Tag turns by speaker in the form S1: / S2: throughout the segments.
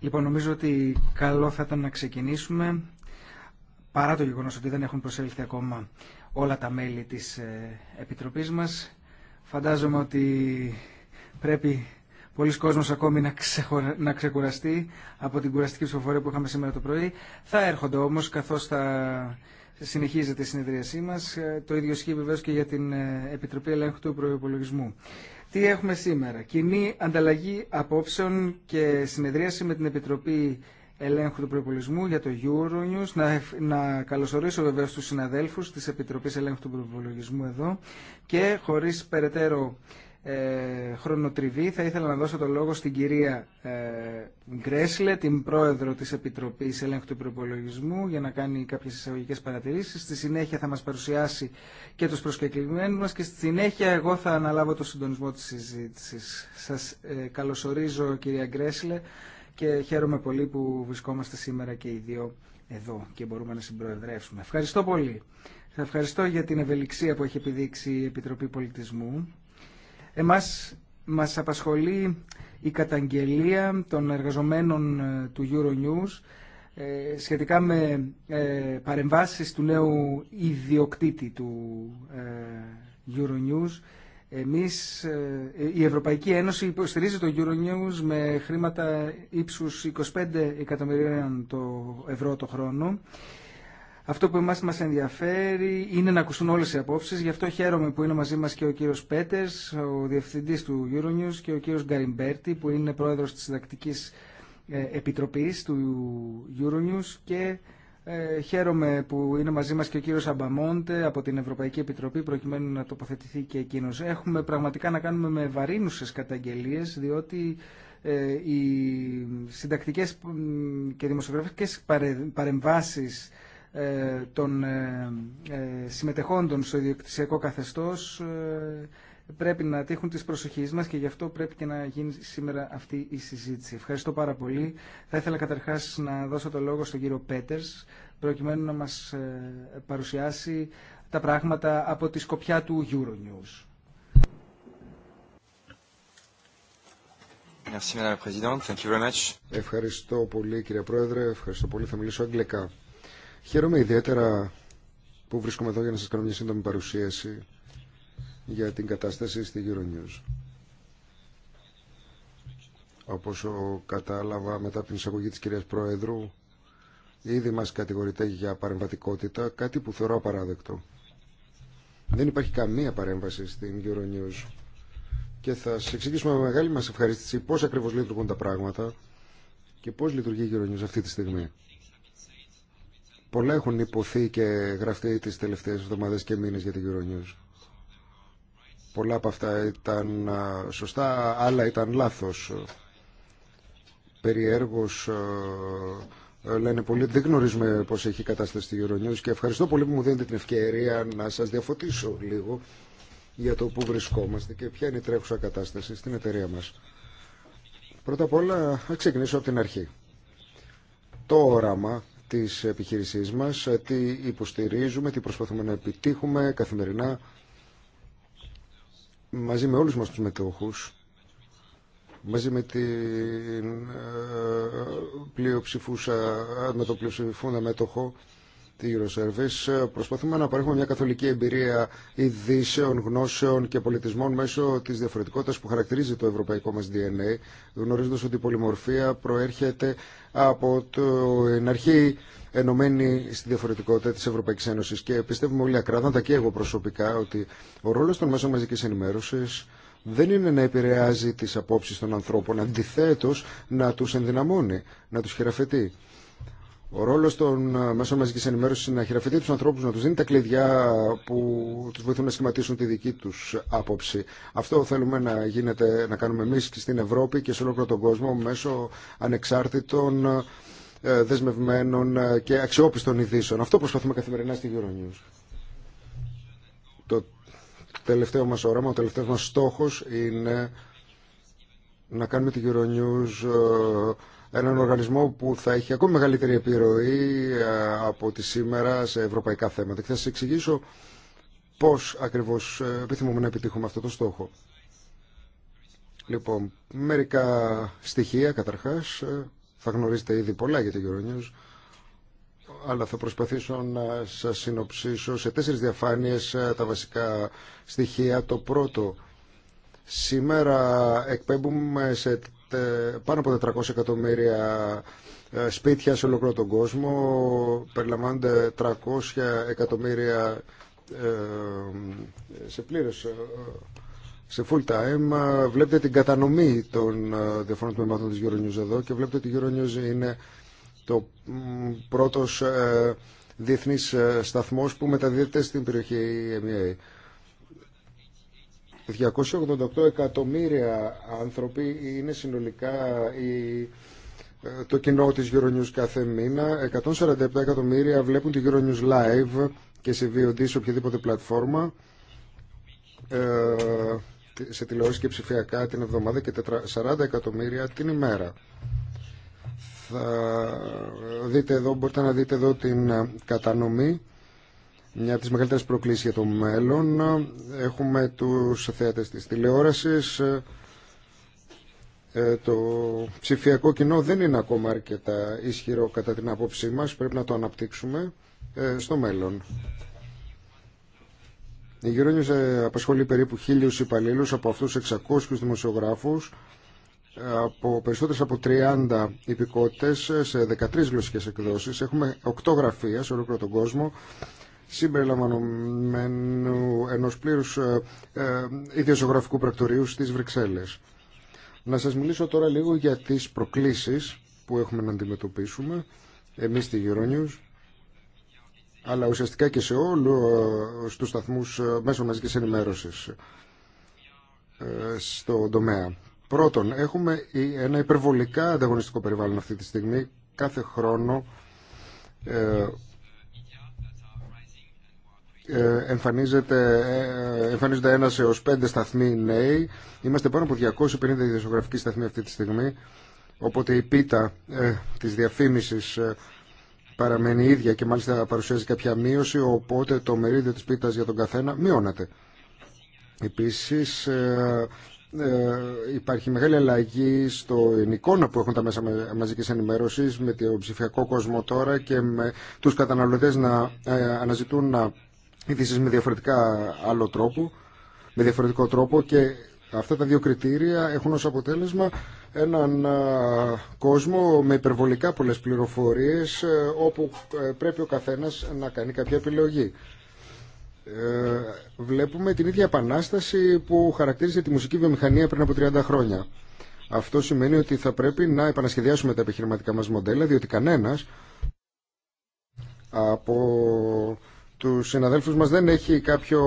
S1: Λοιπόν, νομίζω ότι καλό θα ήταν να ξεκινήσουμε, παρά το γεγονός ότι δεν έχουν προσέλθει ακόμα όλα τα μέλη της ε, Επιτροπής μας. Φαντάζομαι ότι πρέπει πολλοί κόσμος ακόμη να, ξεχωρα... να ξεκουραστεί από την κουραστική ψηφοφορία που είχαμε σήμερα το πρωί. Θα έρχονται όμως, καθώς θα συνεχίζεται η συνεδρίασή μας. Ε, το ίδιο ισχύει βεβαίω και για την ε, Επιτροπή Ελέγχου του Προϋπολογισμού. Τι έχουμε σήμερα. Κοινή ανταλλαγή απόψεων και συνεδρίαση με την Επιτροπή Ελέγχου του Προπολογισμού για το Euronews. Να, να καλωσορίσω βεβαίως του συναδέλφους της Επιτροπής Ελέγχου του Προπολογισμού εδώ και χωρίς περαιτέρω ε, χρονοτριβή θα ήθελα να δώσω το λόγο στην κυρία ε, Γκρέσλε, την πρόεδρο της Επιτροπής Ελέγχου του Προπολογισμού για να κάνει κάποιες εισαγωγικέ παρατηρήσεις. Στη συνέχεια θα μας παρουσιάσει και τους προσκεκλημένους μας και στη συνέχεια εγώ θα αναλάβω το συντονισμό της συζήτησης. Σας ε, καλωσορίζω κυρία Γκρέσλε και χαίρομαι πολύ που βρισκόμαστε σήμερα και οι δύο εδώ και μπορούμε να συμπροεδρεύσουμε. Ευχαριστώ πολύ. Σας ευχαριστώ για την ευελιξία που έχει επιδείξει η Επιτροπή Πολιτισμού Εμάς μας απασχολεί η καταγγελία των εργαζομένων ε, του Euronews ε, σχετικά με ε, παρεμβάσεις του νέου ιδιοκτήτη του Euronews. Εμείς, η Ευρωπαϊκή Ένωση υποστηρίζει το Euronews με χρήματα ύψους 25 εκατομμυρίων το ευρώ το χρόνο αυτό που εμάς μας ενδιαφέρει είναι να ακουστούν όλες οι απόψεις, γι' αυτό χαίρομαι που είναι μαζί μας και ο κύριος Πέτερς, ο διευθυντής του Euronews και ο κύριος Γκαριμπέρτη που είναι πρόεδρος της συντακτικής ε, επιτροπής του Euronews και ε, χαίρομαι που είναι μαζί μας και ο κύριος Αμπαμόντε από την Ευρωπαϊκή Επιτροπή προκειμένου να τοποθετηθεί και εκείνος. Έχουμε πραγματικά να κάνουμε με βαρύνουσες καταγγελίες διότι ε, οι συντακτικές και δημοσιογραφικές παρεμβάσεις ε, των ε, ε, συμμετεχόντων στο ιδιοκτησιακό καθεστώς πρέπει να τύχουν τις προσοχής μας και γι' αυτό πρέπει και να γίνει σήμερα αυτή η συζήτηση. Ευχαριστώ πάρα πολύ. Θα ήθελα καταρχάς να δώσω το λόγο στον κύριο Πέτερς προκειμένου να μας παρουσιάσει τα πράγματα από τη σκοπιά
S2: του Euronews. Ευχαριστώ πολύ κύριε Πρόεδρε, ευχαριστώ πολύ. Θα μιλήσω αγγλικά. Χαίρομαι ιδιαίτερα που βρίσκομαι εδώ για να σας κάνω μια σύντομη παρουσίαση για την κατάσταση στη Euronews. Όπως κατάλαβα μετά την εισαγωγή της κυρίας Πρόεδρου, ήδη μας κατηγορείται για παρεμβατικότητα, κάτι που θεωρώ απαράδεκτο. Δεν υπάρχει καμία παρέμβαση στην Euronews και θα σας εξηγήσουμε με μεγάλη μας ευχαρίστηση πώς ακριβώς λειτουργούν τα πράγματα και πώς λειτουργεί η Euronews αυτή τη στιγμή. Πολλά έχουν υποθεί και γραφτεί τις τελευταίες εβδομάδες και μήνες για την Euronews. Πολλά από αυτά ήταν σωστά, άλλα ήταν λάθος. Περιέργως ε, λένε πολύ δεν γνωρίζουμε πώς έχει η κατάσταση στην Euronews και ευχαριστώ πολύ που μου δίνετε την ευκαιρία να σας διαφωτίσω λίγο για το που βρισκόμαστε και ποια είναι η τρέχουσα κατάσταση στην εταιρεία μας. Πρώτα απ' όλα, να ξεκινήσω από την αρχή. Το όραμα της επιχείρησής μας, ε, τι υποστηρίζουμε, τι προσπαθούμε να επιτύχουμε καθημερινά μαζί με όλους μας τους μετόχους, μαζί με, την, ε, πλειοψηφούσα, με το πλειοψηφούνα μέτοχο, τη Euroservice προσπαθούμε να παρέχουμε μια καθολική εμπειρία ειδήσεων, γνώσεων και πολιτισμών μέσω τη διαφορετικότητα που χαρακτηρίζει το ευρωπαϊκό μα DNA, γνωρίζοντα ότι η πολυμορφία προέρχεται από την αρχή ενωμένη στη διαφορετικότητα της Ευρωπαϊκής Ένωση. και πιστεύουμε όλοι ακράδαντα και εγώ προσωπικά ότι ο ρόλος των μέσων μαζική ενημέρωσης δεν είναι να επηρεάζει τις απόψεις των ανθρώπων, αντιθέτως να τους ενδυναμώνει, να τους χειραφετεί. Ο ρόλος των μέσων μαζικής ενημέρωση, είναι να χειραφετεί του ανθρώπους, να τους δίνει τα κλειδιά που τους βοηθούν να σχηματίσουν τη δική τους άποψη. Αυτό θέλουμε να, γίνεται, να κάνουμε εμείς και στην Ευρώπη και σε όλο τον κόσμο μέσω ανεξάρτητων, ε, δεσμευμένων και αξιόπιστων ειδήσεων. Αυτό προσπαθούμε καθημερινά στη Euronews. Το τελευταίο μας όραμα, ο τελευταίο μας στόχος είναι να κάνουμε τη Euronews έναν οργανισμό που θα έχει ακόμη μεγαλύτερη επιρροή ε, από τη σήμερα σε ευρωπαϊκά θέματα. Και θα σας εξηγήσω πώς ακριβώς ε, επιθυμούμε να επιτύχουμε αυτό το στόχο. Λοιπόν, μερικά στοιχεία καταρχάς. Ε, θα γνωρίζετε ήδη πολλά για το Euronews, αλλά θα προσπαθήσω να σας συνοψίσω σε τέσσερις διαφάνειες τα βασικά στοιχεία. Το πρώτο, σήμερα εκπέμπουμε σε πάνω από 400 εκατομμύρια ε, σπίτια σε ολόκληρο τον κόσμο, περιλαμβάνονται 300 εκατομμύρια ε, σε πλήρες ε, σε full time βλέπετε την κατανομή των διαφορών τμήματων της Euronews εδώ και βλέπετε ότι η Euronews είναι το πρώτος διεθνής σταθμός που μεταδίδεται στην περιοχή EMEA. 288 εκατομμύρια άνθρωποι είναι συνολικά η, ε, το κοινό της Euronews κάθε μήνα. 147 εκατομμύρια βλέπουν τη Euronews live και σε VOD σε οποιαδήποτε πλατφόρμα. Ε, σε τηλεόραση και ψηφιακά την εβδομάδα και 40 εκατομμύρια την ημέρα. Θα δείτε εδώ, μπορείτε να δείτε εδώ την ε, κατανομή μια από τις μεγαλύτερες προκλήσεις για το μέλλον. Έχουμε τους θέατες της τηλεόρασης. Ε, το ψηφιακό κοινό δεν είναι ακόμα αρκετά ισχυρό κατά την άποψή μας. Πρέπει να το αναπτύξουμε ε, στο μέλλον. Η Γερόνιος ε, απασχολεί περίπου χίλιους υπαλλήλους, από αυτούς 600 δημοσιογράφους, από περισσότερες από 30 υπηκότητες σε 13 γλωσσικές εκδόσεις. Έχουμε 8 γραφεία σε όλο τον κόσμο συμπεριλαμβανομένου ενός πλήρους ε, ε, ιδιοσιογραφικού πρακτορείου στις Βρυξέλλες. Να σας μιλήσω τώρα λίγο για τις προκλήσεις που έχουμε να αντιμετωπίσουμε εμείς στη Euronews αλλά ουσιαστικά και σε όλους ε, τους σταθμούς ε, μέσω μαζικής ενημέρωσης στον τομέα. Πρώτον, έχουμε ένα υπερβολικά ανταγωνιστικό περιβάλλον αυτή τη στιγμή. Κάθε χρόνο ε, εμφανίζεται, ε, εμφανίζονται ένα έω πέντε σταθμοί νέοι. Είμαστε πάνω από 250 δημοσιογραφικοί σταθμοί αυτή τη στιγμή. Οπότε η πίτα ε, της διαφήμισης ε, παραμένει ίδια και μάλιστα παρουσιάζει κάποια μείωση, οπότε το μερίδιο της πίτας για τον καθένα μειώνεται. Επίσης υπάρχει μεγάλη αλλαγή στο εικόνα που έχουν τα μέσα μαζικής ενημέρωσης με το ψηφιακό κόσμο τώρα και με τους καταναλωτές να αναζητούν να ειδήσει με διαφορετικά άλλο τρόπο, με διαφορετικό τρόπο και αυτά τα δύο κριτήρια έχουν ως αποτέλεσμα έναν κόσμο με υπερβολικά πολλές πληροφορίες ε, όπου ε, πρέπει ο καθένας να κάνει κάποια επιλογή. Ε, βλέπουμε την ίδια επανάσταση που χαρακτήριζε τη μουσική βιομηχανία πριν από 30 χρόνια. Αυτό σημαίνει ότι θα πρέπει να επανασχεδιάσουμε τα επιχειρηματικά μας μοντέλα, διότι κανένας από του συναδέλφου μα δεν έχει κάποιο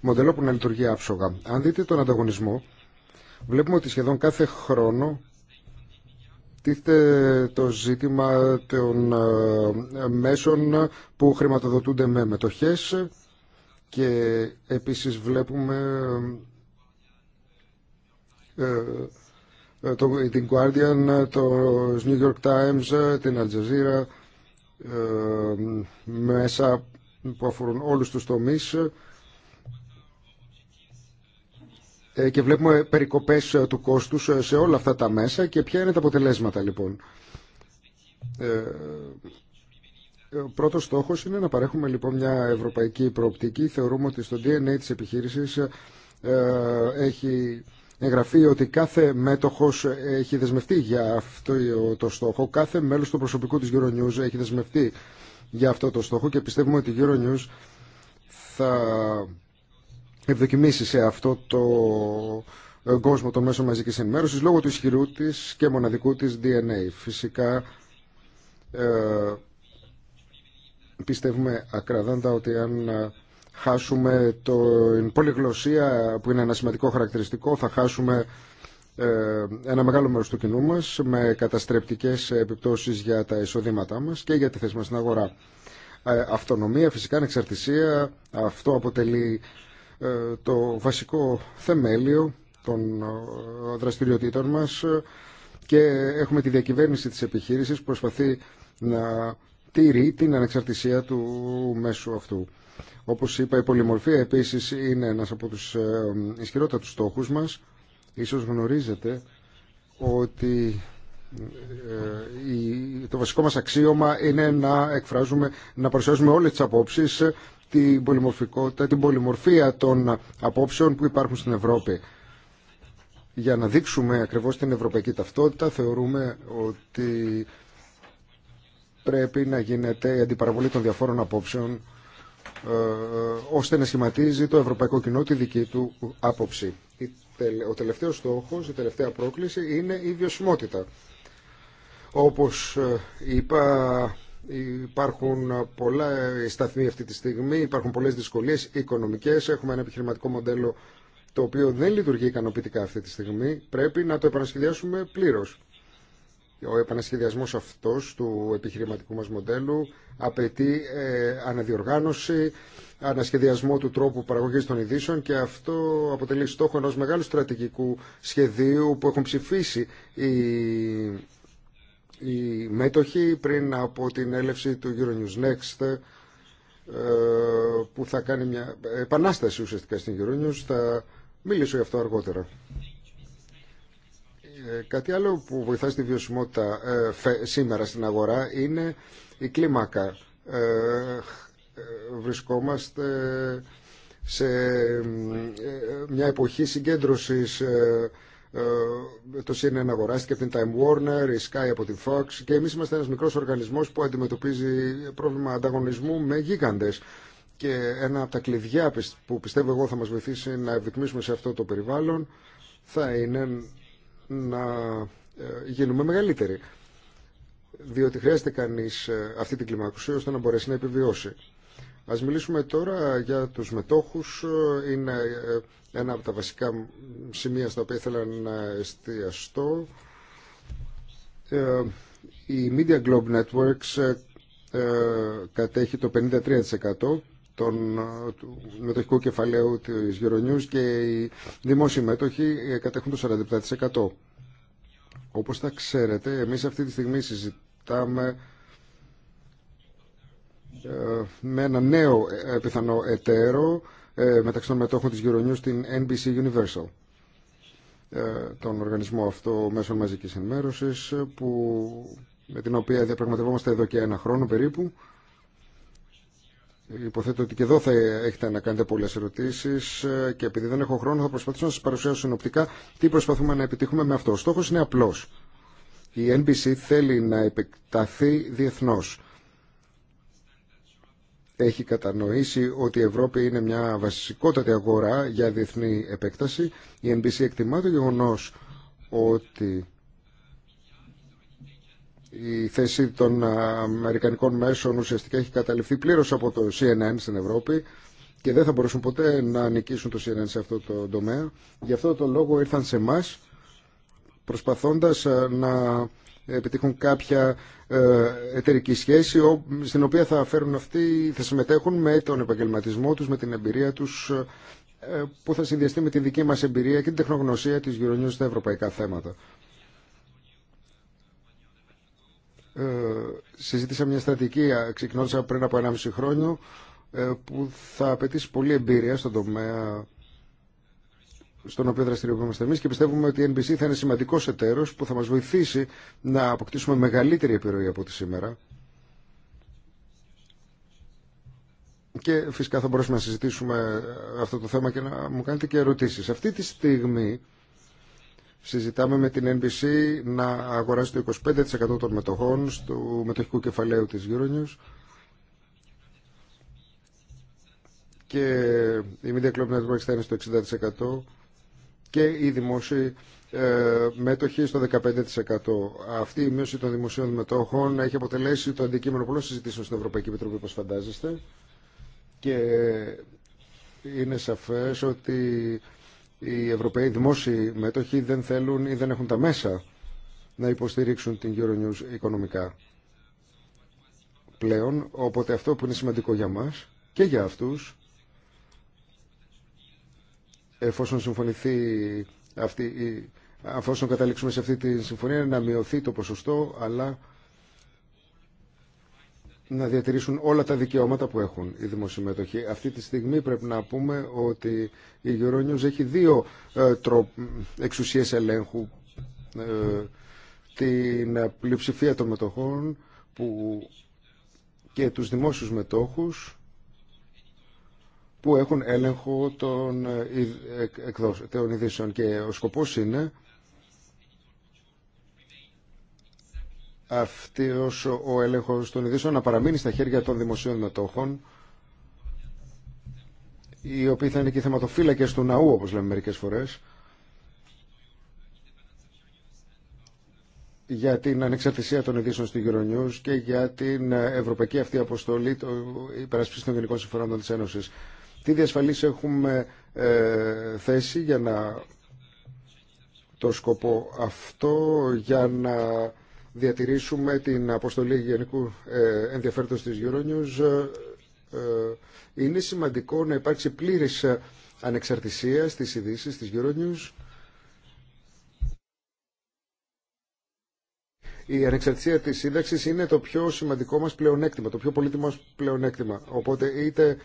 S2: μοντέλο που να λειτουργεί άψογα. Αν δείτε τον ανταγωνισμό, βλέπουμε ότι σχεδόν κάθε χρόνο τίθεται το ζήτημα των ε, μέσων που χρηματοδοτούνται με μετοχές και επίσης βλέπουμε ε, ε, το, την Guardian, το New York Times, την Al Jazeera μέσα που αφορούν όλους τους τομείς ε, και βλέπουμε περικοπές ε, του κόστους ε, σε όλα αυτά τα μέσα και ποια είναι τα αποτελέσματα λοιπόν. Ο πρώτος στόχος είναι να παρέχουμε λοιπόν μια ευρωπαϊκή προοπτική. Θεωρούμε ότι στο DNA της επιχείρησης έχει εγγραφεί ότι κάθε μέτοχος έχει δεσμευτεί για αυτό το στόχο, κάθε μέλος του προσωπικού της Euronews έχει δεσμευτεί για αυτό το στόχο και πιστεύουμε ότι η Euronews θα ευδοκιμήσει σε αυτό το ε, κόσμο των μέσων μαζικής ενημέρωσης λόγω του ισχυρού της και μοναδικού της DNA. Φυσικά ε, πιστεύουμε ακραδάντα ότι αν ε, χάσουμε την πολυγλωσία που είναι ένα σημαντικό χαρακτηριστικό θα χάσουμε ε, ένα μεγάλο μέρος του κοινού μας με καταστρεπτικές επιπτώσεις για τα εισοδήματά μας και για τη θέση μας στην αγορά. Ε, αυτονομία, φυσικά ανεξαρτησία, αυτό αποτελεί ε, το βασικό θεμέλιο των δραστηριοτήτων μας και έχουμε τη διακυβέρνηση της επιχείρησης που προσπαθεί να τηρεί την ανεξαρτησία του μέσου αυτού. Όπως είπα, η πολυμορφία επίσης είναι ένας από τους ισχυρότατους στόχους μας Ίσως γνωρίζετε ότι ε, το βασικό μας αξίωμα είναι να εκφράζουμε, να παρουσιάζουμε όλες τις απόψεις, την πολυμορφικότητα, την πολυμορφία των απόψεων που υπάρχουν στην Ευρώπη. Για να δείξουμε ακριβώς την ευρωπαϊκή ταυτότητα θεωρούμε ότι πρέπει να γίνεται η αντιπαραβολή των διαφόρων απόψεων ε, ε, ώστε να σχηματίζει το ευρωπαϊκό κοινό τη δική του άποψη ο τελευταίος στόχος, η τελευταία πρόκληση είναι η βιωσιμότητα. Όπως ε, είπα υπάρχουν πολλά σταθμοί αυτή τη στιγμή, υπάρχουν πολλές δυσκολίες οικονομικές, έχουμε ένα επιχειρηματικό μοντέλο το οποίο δεν λειτουργεί ικανοποιητικά αυτή τη στιγμή, πρέπει να το επανασχεδιάσουμε πλήρως. Ο επανασχεδιασμός αυτός του επιχειρηματικού μας μοντέλου απαιτεί ε, αναδιοργάνωση, ανασχεδιασμό του τρόπου παραγωγής των ειδήσεων και αυτό αποτελεί στόχο ενός μεγάλου στρατηγικού σχεδίου που έχουν ψηφίσει οι, οι μέτοχοι πριν από την έλευση του Euronews Next ε, που θα κάνει μια επανάσταση ουσιαστικά στην Euronews. Θα μιλήσω γι' αυτό αργότερα. Ε, κάτι άλλο που βοηθά στη βιωσιμότητα ε, σήμερα στην αγορά είναι η κλίμακα βρισκόμαστε σε ε, μια εποχή συγκέντρωσης ε, ε, το CNN αγοράστηκε από την Time Warner, η Sky από την Fox και εμείς είμαστε ένας μικρός οργανισμός που αντιμετωπίζει πρόβλημα ανταγωνισμού με γίγαντες και ένα από τα κλειδιά που πιστεύω εγώ θα μας βοηθήσει να ευδεικνύσουμε σε αυτό το περιβάλλον θα είναι να γίνουμε μεγαλύτεροι διότι χρειάζεται κανείς αυτή την κλιμακουσία ώστε να μπορέσει να επιβιώσει. Ας μιλήσουμε τώρα για τους μετόχους. Είναι ε, ένα από τα βασικά σημεία στα οποία ήθελα να εστιαστώ. Ε, η Media Globe Networks ε, κατέχει το 53% των, του μετοχικού κεφαλαίου της Euronews και οι δημόσιοι μέτοχοι κατέχουν το 47%. Όπως θα ξέρετε, εμείς αυτή τη στιγμή συζητάμε με ένα νέο ε, πιθανό εταίρο ε, μεταξύ των μετόχων της Euronews την NBC Universal ε, τον οργανισμό αυτό μέσω μαζικής ενημέρωσης που, με την οποία διαπραγματευόμαστε εδώ και ένα χρόνο περίπου Υποθέτω ότι και εδώ θα έχετε να κάνετε πολλέ ερωτήσει και επειδή δεν έχω χρόνο θα προσπαθήσω να σα παρουσιάσω συνοπτικά τι προσπαθούμε να επιτύχουμε με αυτό. Ο στόχο είναι απλό. Η NBC θέλει να επεκταθεί διεθνώ έχει κατανοήσει ότι η Ευρώπη είναι μια βασικότατη αγορά για διεθνή επέκταση. Η NBC εκτιμά το γεγονό ότι η θέση των Αμερικανικών μέσων ουσιαστικά έχει καταληφθεί πλήρως από το CNN στην Ευρώπη και δεν θα μπορούσαν ποτέ να νικήσουν το CNN σε αυτό το τομέα. Γι' αυτό το λόγο ήρθαν σε εμά προσπαθώντας να επιτύχουν κάποια ε, εταιρική σχέση στην οποία θα φέρουν αυτοί, θα συμμετέχουν με τον επαγγελματισμό τους, με την εμπειρία τους ε, που θα συνδυαστεί με τη δική μας εμπειρία και την τεχνογνωσία της Euronews στα ευρωπαϊκά θέματα. Ε, συζήτησα μια στρατική ξεκινώντας πριν από 1,5 χρόνο, ε, που θα απαιτήσει πολλή εμπειρία στον τομέα στον οποίο δραστηριοποιούμαστε εμεί και πιστεύουμε ότι η NBC θα είναι σημαντικό εταίρο που θα μα βοηθήσει να αποκτήσουμε μεγαλύτερη επιρροή από τη σήμερα. Και φυσικά θα μπορέσουμε να συζητήσουμε ε, αυτό το θέμα και να μου κάνετε και ερωτήσεις. Αυτή τη στιγμή συζητάμε με την NBC να αγοράσει το 25% των μετοχών του μετοχικού κεφαλαίου της Euronews και η Media Club Networks θα είναι στο 60% και οι δημόσιοι ε, μέτοχοι στο 15%. Αυτή η μείωση των δημοσίων μετόχων έχει αποτελέσει το αντικείμενο πολλών συζητήσεων στην Ευρωπαϊκή Επιτροπή, όπω φαντάζεστε. Και είναι σαφέ ότι οι Ευρωπαίοι δημόσιοι μέτοχοι δεν θέλουν ή δεν έχουν τα μέσα να υποστηρίξουν την Euronews οικονομικά πλέον. Οπότε αυτό που είναι σημαντικό για μας και για αυτούς εφόσον συμφωνηθεί αυτή αφόσον καταλήξουμε σε αυτή τη συμφωνία να μειωθεί το ποσοστό αλλά να διατηρήσουν όλα τα δικαιώματα που έχουν οι δημοσιομετοχοί. Αυτή τη στιγμή πρέπει να πούμε ότι η Euronews έχει δύο ε, εξουσίες ελέγχου ε, την πλειοψηφία των μετοχών που και τους δημόσιους μετόχους που έχουν έλεγχο ε, των, ειδήσεων και ο σκοπός είναι αυτός ο έλεγχος των ειδήσεων να παραμείνει στα χέρια των δημοσίων μετόχων οι οποίοι θα είναι και θεματοφύλακες του ναού όπως λέμε μερικές φορές για την ανεξαρτησία των ειδήσεων στην Euronews και για την ευρωπαϊκή αυτή αποστολή υπερασπίση των γενικών συμφερόντων της Ένωσης. Τι διασφαλίσει έχουμε ε, θέσει για να το σκοπό αυτό για να διατηρήσουμε την αποστολή γενικού ε, ενδιαφέροντος της Euronews ε, ε, είναι σημαντικό να υπάρξει πλήρης ανεξαρτησία στις ειδήσει της Euronews η ανεξαρτησία της σύνταξη είναι το πιο σημαντικό μας πλεονέκτημα, το πιο πολύτιμο μας πλεονέκτημα. Οπότε είτε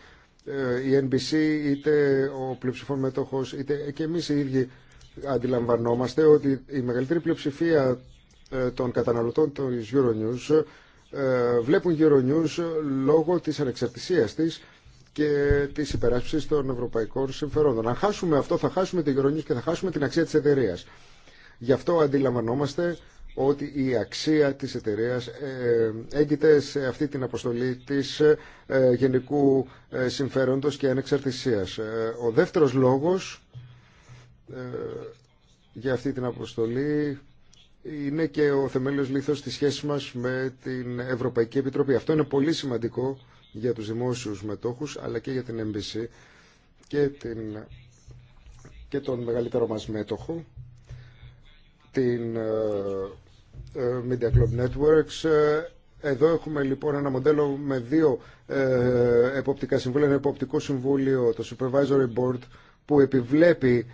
S2: ε, η NBC είτε ο πλειοψηφόν μετόχος είτε και εμείς οι ίδιοι αντιλαμβανόμαστε ότι η μεγαλύτερη πλειοψηφία ε, των καταναλωτών της Euronews ε, βλέπουν Euronews λόγω της ανεξαρτησίας της και της υπεράσπισης των ευρωπαϊκών συμφερόντων. Αν χάσουμε αυτό θα χάσουμε την Euronews και θα χάσουμε την αξία της εταιρεία. Γι' αυτό αντιλαμβανόμαστε ότι η αξία της εταιρείας ε, έγκυται σε αυτή την αποστολή της ε, γενικού ε, συμφέροντος και ανεξαρτησίας. Ο δεύτερος λόγος για αυτή την αποστολή είναι και ο θεμέλιος λήθος της σχέσης μας με την Ευρωπαϊκή Επιτροπή. Αυτό είναι πολύ σημαντικό για τους δημόσιους μετόχους αλλά και για την MBC και, την... και τον μεγαλύτερο μας μέτοχο την Media Club Networks. Εδώ έχουμε λοιπόν ένα μοντέλο με δύο ε, εποπτικά συμβούλια. Ένα εποπτικό συμβούλιο, το Supervisory Board, που επιβλέπει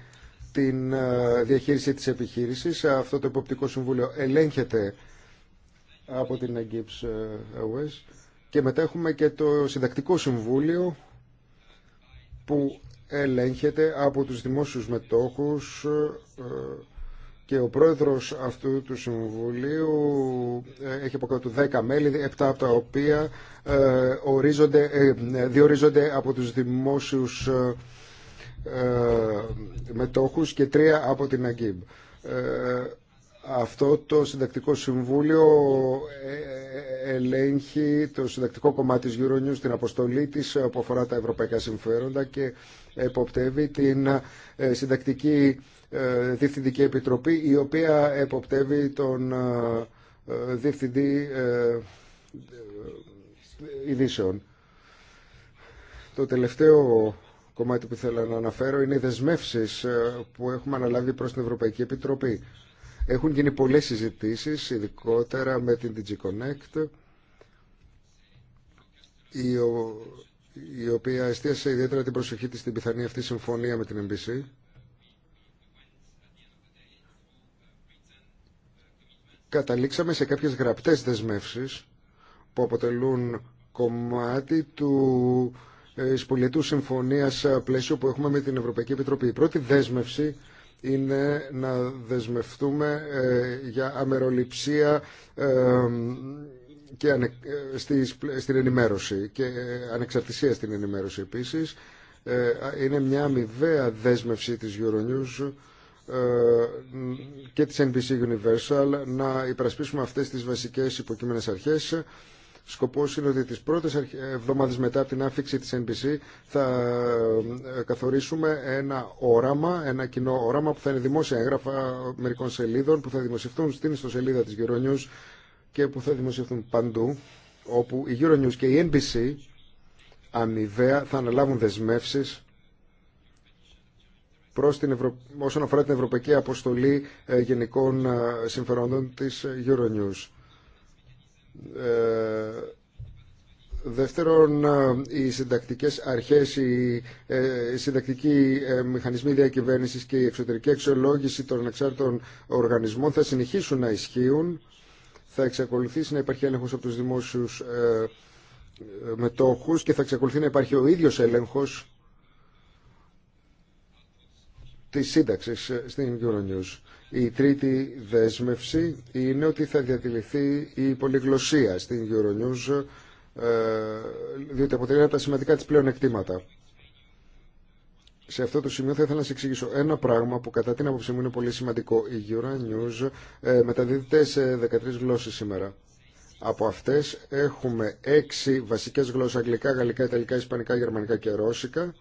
S2: την ε, διαχείριση της επιχείρησης. Αυτό το εποπτικό συμβούλιο ελέγχεται από την Agips OS. Ε, και μετά έχουμε και το συντακτικό συμβούλιο που ελέγχεται από τους δημόσιους μετόχους και ο πρόεδρος αυτού του Συμβουλίου ε, έχει από κάτω 10 μέλη, 7 από τα οποία ε, ορίζονται, ε, διορίζονται από τους δημόσιους μετόχους και 3 από την ΑΚΙΜ. Αυτό το συντακτικό συμβούλιο ελέγχει το συντακτικό κομμάτι της Euronews, την αποστολή της που αφορά τα ευρωπαϊκά συμφέροντα και εποπτεύει την συντακτική ε, Διευθυντική Επιτροπή η οποία εποπτεύει τον ε, ε, Διευθυντή Ειδήσεων. Το τελευταίο κομμάτι που θέλω να αναφέρω είναι οι δεσμεύσει που έχουμε αναλάβει προς την Ευρωπαϊκή Επιτροπή. Έχουν γίνει πολλές συζητήσεις, ειδικότερα με την DigiConnect, η οποία εστίασε ιδιαίτερα την προσοχή της στην πιθανή αυτή συμφωνία με την MBC καταλήξαμε σε κάποιες γραπτές δεσμεύσεις που αποτελούν κομμάτι του ε, εισπολιτού συμφωνίας ε, πλαίσιο που έχουμε με την Ευρωπαϊκή Επιτροπή. Η πρώτη δέσμευση είναι να δεσμευτούμε ε, για αμεροληψία και στην ενημέρωση και ανεξαρτησία στην ενημέρωση επίσης. είναι μια αμοιβαία δέσμευση της Euronews ε, και της NBC Universal να υπερασπίσουμε αυτές τις βασικές υποκείμενες αρχές. Σκοπός είναι ότι τις πρώτες εβδομάδες μετά την άφηξη της NBC θα ε, καθορίσουμε ένα όραμα, ένα κοινό όραμα που θα είναι δημόσια έγγραφα μερικών σελίδων που θα δημοσιευτούν στην ιστοσελίδα της Euronews και που θα δημοσιευτούν παντού όπου η Euronews και η NBC αμοιβαία θα αναλάβουν δεσμεύσεις προς την Ευρω... όσον αφορά την Ευρωπαϊκή Αποστολή ε, Γενικών ε, Συμφερόντων της Euronews. Ε, δεύτερον, οι συντακτικές αρχές, οι συντακτικοί μηχανισμοί διακυβέρνησης και η εξωτερική αξιολόγηση των ανεξάρτητων οργανισμών θα συνεχίσουν να ισχύουν. Θα εξακολουθήσει να υπάρχει έλεγχος από τους δημόσιους μετόχους και θα εξακολουθεί να υπάρχει ο ίδιος έλεγχος Τη σύνταξη ε, στην Euronews. Η τρίτη δέσμευση είναι ότι θα διατηρηθεί η πολυγλωσία στην Euronews ε, διότι αποτελεί ένα από τα σημαντικά της πλέον εκτήματα. Σε αυτό το σημείο θα ήθελα να σα εξηγήσω ένα πράγμα που κατά την άποψή μου είναι πολύ σημαντικό. Η Euronews ε, μεταδίδεται σε 13 γλώσσες σήμερα. Από αυτές έχουμε έξι βασικές γλώσσε, αγγλικά, γαλλικά, ιταλικά, ισπανικά, γερμανικά και ρώσικα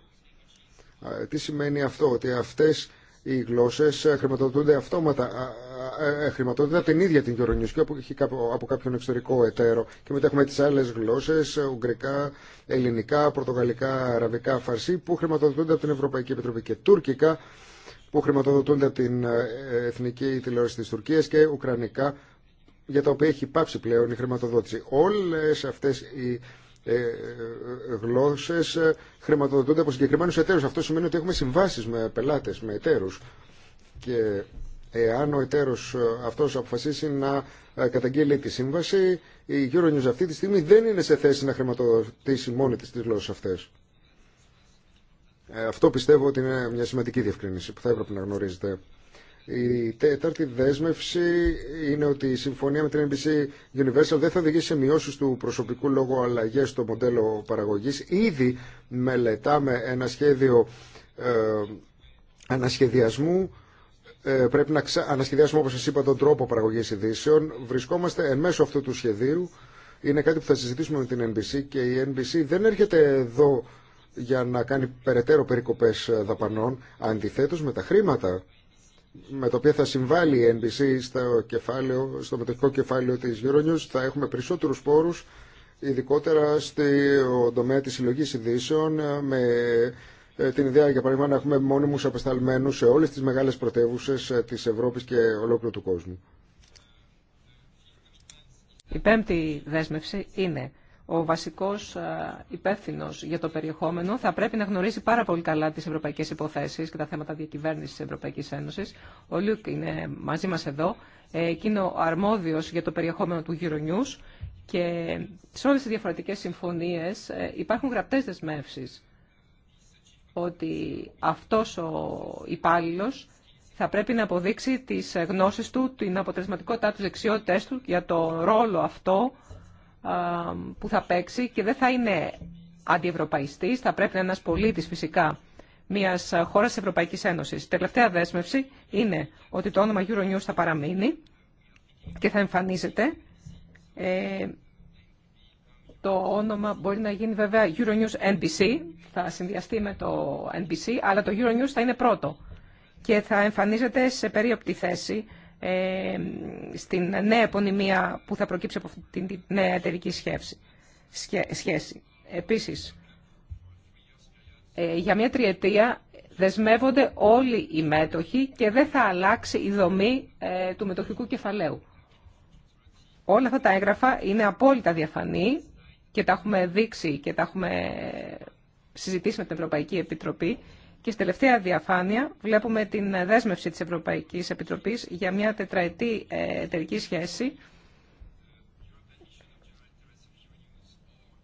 S2: τι σημαίνει αυτό, ότι αυτές οι γλώσσες ε, χρηματοδοτούνται αυτόματα, ε, χρηματοδοτούνται από την ίδια την Euronews και από κάποιον εξωτερικό εταίρο. Και μετά έχουμε τις άλλες γλώσσες, ε, ουγγρικά, ελληνικά, πορτογαλικά, αραβικά, φαρσί, που χρηματοδοτούνται από την Ευρωπαϊκή Επιτροπή και τουρκικά, που χρηματοδοτούνται από την Εθνική Τηλεόραση της Τουρκίας και ουκρανικά, για τα οποία έχει πάψει πλέον η χρηματοδότηση. Όλες αυτές οι ε, ε, γλώσσες ε, χρηματοδοτούνται από συγκεκριμένου εταίρους. Αυτό σημαίνει ότι έχουμε συμβάσεις με πελάτες, με εταίρους. Και εάν ο εταίρο αυτό αποφασίσει να καταγγείλει τη σύμβαση, η Euronews αυτή τη στιγμή δεν είναι σε θέση να χρηματοδοτήσει μόνη της τις γλώσσες αυτές. Αυτό πιστεύω ότι είναι μια σημαντική διευκρίνηση που θα έπρεπε να γνωρίζετε. Η τέταρτη δέσμευση είναι ότι η συμφωνία με την NBC Universal δεν θα οδηγήσει σε μειώσει του προσωπικού λόγω αλλαγέ στο μοντέλο παραγωγή. Ήδη μελετάμε ένα σχέδιο ε, ανασχεδιασμού. Ε, πρέπει να ξα... ανασχεδιάσουμε, όπω σα είπα, τον τρόπο παραγωγή ειδήσεων. Βρισκόμαστε εν μέσω αυτού του σχεδίου. Είναι κάτι που θα συζητήσουμε με την NBC και η NBC δεν έρχεται εδώ για να κάνει περαιτέρω περικοπές ε, δαπανών. Αντιθέτως με τα χρήματα με το οποίο θα συμβάλλει η NBC στο, κεφάλαιο, στο μετοχικό κεφάλαιο της Euronews θα έχουμε περισσότερους πόρους ειδικότερα στον τομέα της συλλογής ειδήσεων με ε, την ιδέα για παράδειγμα να έχουμε μόνιμους απεσταλμένους σε όλες τις μεγάλες πρωτεύουσες ε, της Ευρώπης και ολόκληρου του κόσμου.
S3: Η πέμπτη δέσμευση είναι ο βασικός ε, υπεύθυνο για το περιεχόμενο θα πρέπει να γνωρίζει πάρα πολύ καλά τις ευρωπαϊκές υποθέσεις και τα θέματα διακυβέρνησης της Ευρωπαϊκής Ένωσης. Ο Λιούκ είναι μαζί μας εδώ ε, εκείνο είναι ο αρμόδιος για το περιεχόμενο του Euronews και σε όλες τις διαφορετικές συμφωνίες ε, υπάρχουν γραπτές δεσμεύσεις ότι αυτός ο υπάλληλο θα πρέπει να αποδείξει τις γνώσεις του, την αποτελεσματικότητά του, τις δεξιότητές του για το ρόλο αυτό που θα παίξει και δεν θα είναι αντιευρωπαϊστής, θα πρέπει να είναι ένας πολίτης φυσικά μιας χώρας Ευρωπαϊκής Ένωσης. Τελευταία δέσμευση είναι ότι το όνομα Euronews θα παραμείνει και θα εμφανίζεται. Ε, το όνομα μπορεί να γίνει βέβαια Euronews NBC, θα συνδυαστεί με το NBC, αλλά το Euronews θα είναι πρώτο και θα εμφανίζεται σε περίοπτη θέση ε, στην νέα επωνυμία που θα προκύψει από αυτή τη νέα εταιρική σχέση. Επίσης, ε, για μια τριετία δεσμεύονται όλοι οι μέτοχοι και δεν θα αλλάξει η δομή ε, του μετοχικού κεφαλαίου. Όλα αυτά τα έγγραφα είναι απόλυτα διαφανή και τα έχουμε δείξει και τα έχουμε συζητήσει με την Ευρωπαϊκή Επιτροπή και στη τελευταία διαφάνεια βλέπουμε την δέσμευση της Ευρωπαϊκής Επιτροπής για μια τετραετή ε, εταιρική σχέση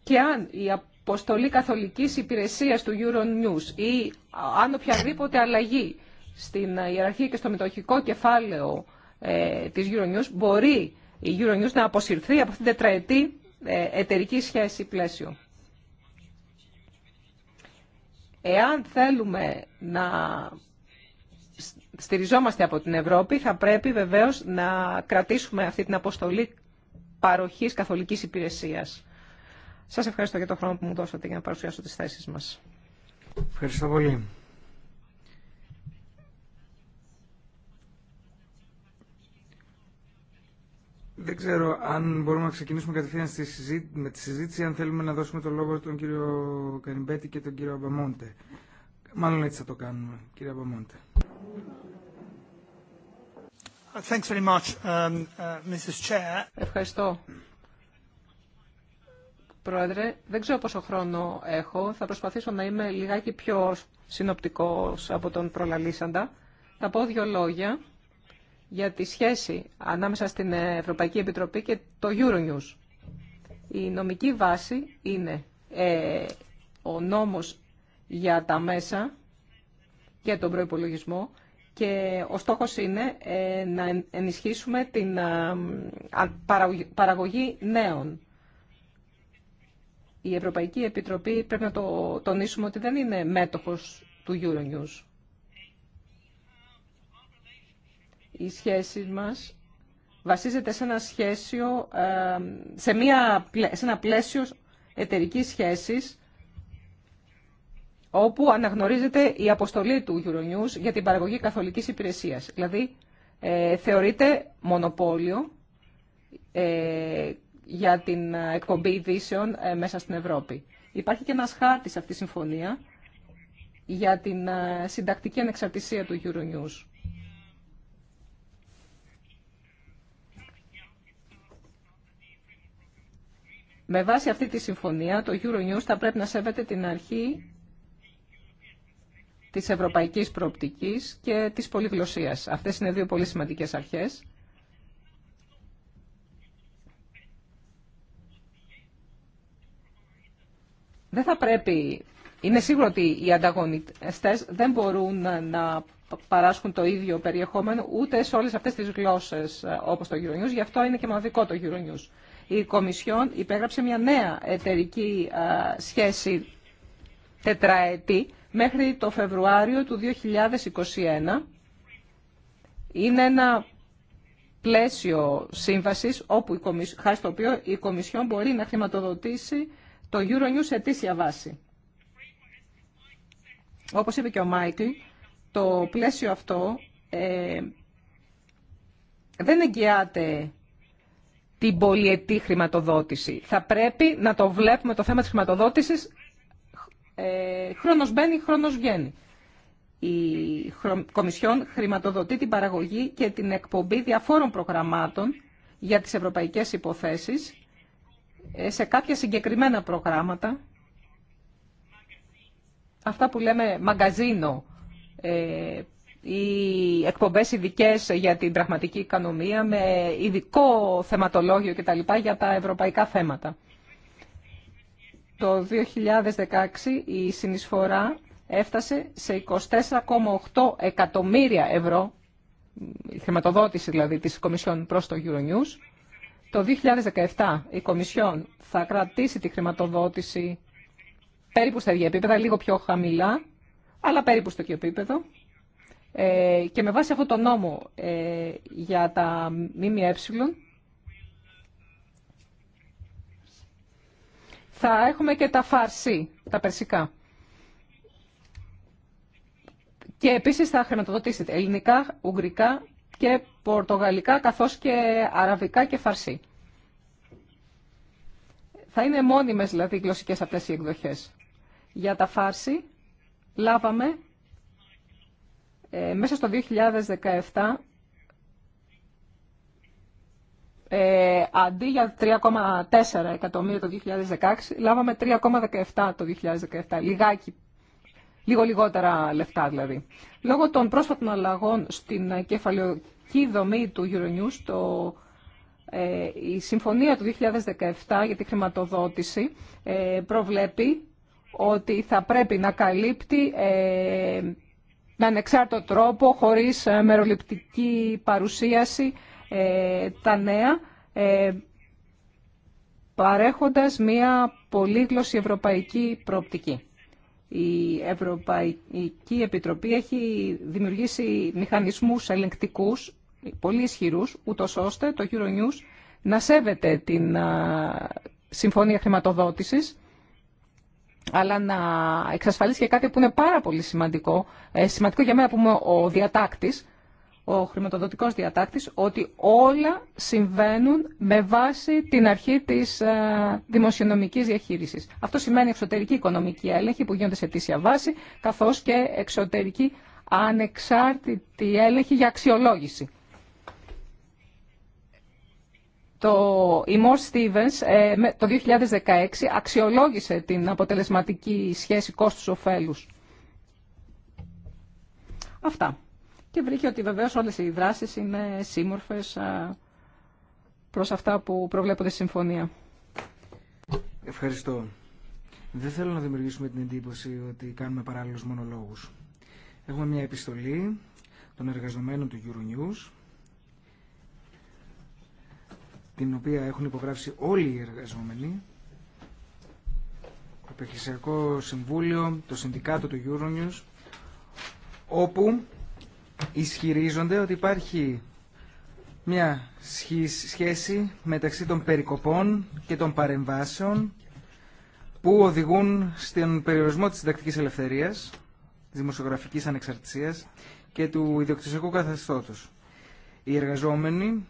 S3: και αν η αποστολή καθολικής υπηρεσίας του Euronews ή αν οποιαδήποτε αλλαγή στην ιεραρχία και στο μετοχικό κεφάλαιο ε, της Euronews μπορεί η Euronews να αποσυρθεί από αυτήν την τετραετή ε, εταιρική σχέση πλαίσιο. Εάν θέλουμε να στηριζόμαστε από την Ευρώπη, θα πρέπει βεβαίως να κρατήσουμε αυτή την αποστολή παροχής καθολικής υπηρεσίας. Σας ευχαριστώ για τον χρόνο που μου δώσατε για να παρουσιάσω τις θέσεις μας.
S1: Ευχαριστώ πολύ. Δεν ξέρω αν μπορούμε να ξεκινήσουμε κατευθείαν στη με τη συζήτηση, αν θέλουμε να δώσουμε το λόγο στον κύριο Καριμπέτη και τον κύριο Αμπαμόντε. Μάλλον έτσι θα το κάνουμε, κύριε Αμπαμόντε. Thanks very much, um, uh,
S3: Mrs. Chair. Ευχαριστώ. Πρόεδρε, δεν ξέρω πόσο χρόνο έχω. Θα προσπαθήσω να είμαι λιγάκι πιο συνοπτικός από τον προλαλήσαντα. Θα πω δύο λόγια για τη σχέση ανάμεσα στην Ευρωπαϊκή Επιτροπή και το Euronews. Η νομική βάση είναι ε, ο νόμος για τα μέσα και τον προϋπολογισμό και ο στόχος είναι ε, να ενισχύσουμε την ε, παραγωγή νέων. Η Ευρωπαϊκή Επιτροπή πρέπει να το τονίσουμε ότι δεν είναι μέτοχος του Euronews. η σχέση μας βασίζεται σε ένα, σχέσιο, ε, σε μια, σε ένα πλαίσιο εταιρικής σχέσης όπου αναγνωρίζεται η αποστολή του Euronews για την παραγωγή καθολικής υπηρεσίας. Δηλαδή, ε, θεωρείται μονοπόλιο ε, για την εκπομπή ειδήσεων μέσα στην Ευρώπη. Υπάρχει και ένας χάρτης αυτή τη συμφωνία για την συντακτική ανεξαρτησία του Euronews. Με βάση αυτή τη συμφωνία, το Euronews θα πρέπει να σέβεται την αρχή της ευρωπαϊκής προοπτικής και της πολυγλωσσίας. Αυτές είναι δύο πολύ σημαντικές αρχές. Δεν θα πρέπει... Είναι σίγουρο ότι οι ανταγωνιστές δεν μπορούν να παράσχουν το ίδιο περιεχόμενο ούτε σε όλες αυτές τις γλώσσες ε, όπως το Euronews. Γι' αυτό είναι και μαδικό το Euronews η Κομισιόν υπέγραψε μια νέα εταιρική σχέση τετραετή μέχρι το Φεβρουάριο του 2021. Είναι ένα πλαίσιο σύμβασης όπου χάρη στο οποίο η Κομισιόν μπορεί να χρηματοδοτήσει το Euronews σε αιτήσια βάση. Όπως είπε και ο Μάικλ, το πλαίσιο αυτό ε, δεν εγγυάται την πολιετή χρηματοδότηση. Θα πρέπει να το βλέπουμε το θέμα της χρηματοδότησης ε, χρόνος μπαίνει, χρόνος βγαίνει. Η Κομισιόν χρηματοδοτεί την παραγωγή και την εκπομπή διαφόρων προγραμμάτων για τις ευρωπαϊκές υποθέσεις ε, σε κάποια συγκεκριμένα προγράμματα, αυτά που λέμε μαγκαζίνο ε, οι εκπομπές ειδικέ για την πραγματική οικονομία με ειδικό θεματολόγιο κτλ. για τα ευρωπαϊκά θέματα. Το 2016 η συνεισφορά έφτασε σε 24,8 εκατομμύρια ευρώ, η χρηματοδότηση δηλαδή της Κομισιόν προς το Euronews. Το 2017 η Κομισιόν θα κρατήσει τη χρηματοδότηση περίπου στα ίδια επίπεδα, λίγο πιο χαμηλά, αλλά περίπου στο ίδιο επίπεδο. Ε, και με βάση αυτό το νόμο ε, για τα ΜΜΕ θα έχουμε και τα φαρσί, τα περσικά. Και επίσης θα χρηματοδοτήσετε ελληνικά, ουγγρικά και πορτογαλικά, καθώς και αραβικά και φαρσί. Θα είναι μόνιμες δηλαδή γλωσσικές αυτές οι εκδοχές. Για τα φάρση λάβαμε ε, μέσα στο 2017, ε, αντί για 3,4 εκατομμύρια το 2016, λάβαμε 3,17 το 2017, λιγάκι, λίγο λιγότερα λεφτά δηλαδή. Λόγω των πρόσφατων αλλαγών στην κεφαλαιοκή δομή του Euronews, το, ε, η συμφωνία του 2017 για τη χρηματοδότηση ε, προβλέπει ότι θα πρέπει να καλύπτει με ανεξάρτητο τρόπο, χωρίς ε, μεροληπτική παρουσίαση ε, τα νέα, ε, παρέχοντας μία πολύγλωση ευρωπαϊκή προοπτική. Η Ευρωπαϊκή Επιτροπή έχει δημιουργήσει μηχανισμούς ελεγκτικούς πολύ ισχυρούς, ούτως ώστε το Euronews να σέβεται την Συμφωνία Χρηματοδότησης αλλά να εξασφαλίσει και κάτι που είναι πάρα πολύ σημαντικό, ε, σημαντικό για μένα που είμαι ο διατάκτης, ο χρηματοδοτικός διατάκτης, ότι όλα συμβαίνουν με βάση την αρχή της ε, δημοσιονομικής διαχείρισης. Αυτό σημαίνει εξωτερική οικονομική έλεγχη που γίνονται σε αιτήσια βάση, καθώς και εξωτερική ανεξάρτητη έλεγχη για αξιολόγηση. Το, η Moore Stevens ε, το 2016 αξιολόγησε την αποτελεσματική σχέση κόστους-οφέλους. Αυτά. Και βρήκε ότι βεβαίως όλες οι δράσεις είναι σύμμορφες προς αυτά που προβλέπονται στη συμφωνία.
S1: Ευχαριστώ. Δεν θέλω να δημιουργήσουμε την εντύπωση ότι κάνουμε παράλληλους μονολόγους. Έχουμε μια επιστολή των εργαζομένων του Euronews την οποία έχουν υπογράψει όλοι οι εργαζόμενοι, το Επιχειρησιακό Συμβούλιο, το Συνδικάτο του Euronews, όπου ισχυρίζονται ότι υπάρχει μια σχέση μεταξύ των περικοπών και των παρεμβάσεων που οδηγούν στον περιορισμό της συντακτικής ελευθερίας, της δημοσιογραφικής ανεξαρτησίας και του ιδιοκτησιακού καθεστώτος. Οι εργαζόμενοι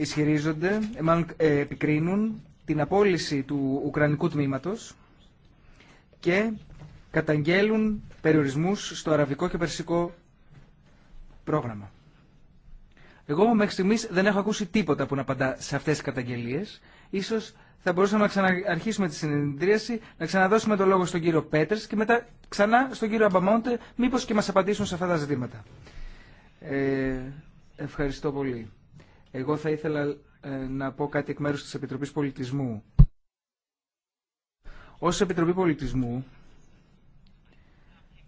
S1: ισχυρίζονται, ε, μάλλον ε, επικρίνουν την απόλυση του Ουκρανικού τμήματος και καταγγέλουν περιορισμούς στο αραβικό και περσικό πρόγραμμα. Εγώ μέχρι στιγμής δεν έχω ακούσει τίποτα που να απαντά σε αυτές τις καταγγελίες. Ίσως θα μπορούσαμε να ξαναρχίσουμε τη συνεδρίαση, να ξαναδώσουμε το λόγο στον κύριο Πέτρες και μετά ξανά στον κύριο Αμπαμόντε, μήπως και μας απαντήσουν σε αυτά τα ζητήματα. Ε, ευχαριστώ πολύ. Εγώ θα ήθελα ε, να πω κάτι εκ μέρους της Επιτροπής Πολιτισμού. Ως Επιτροπή Πολιτισμού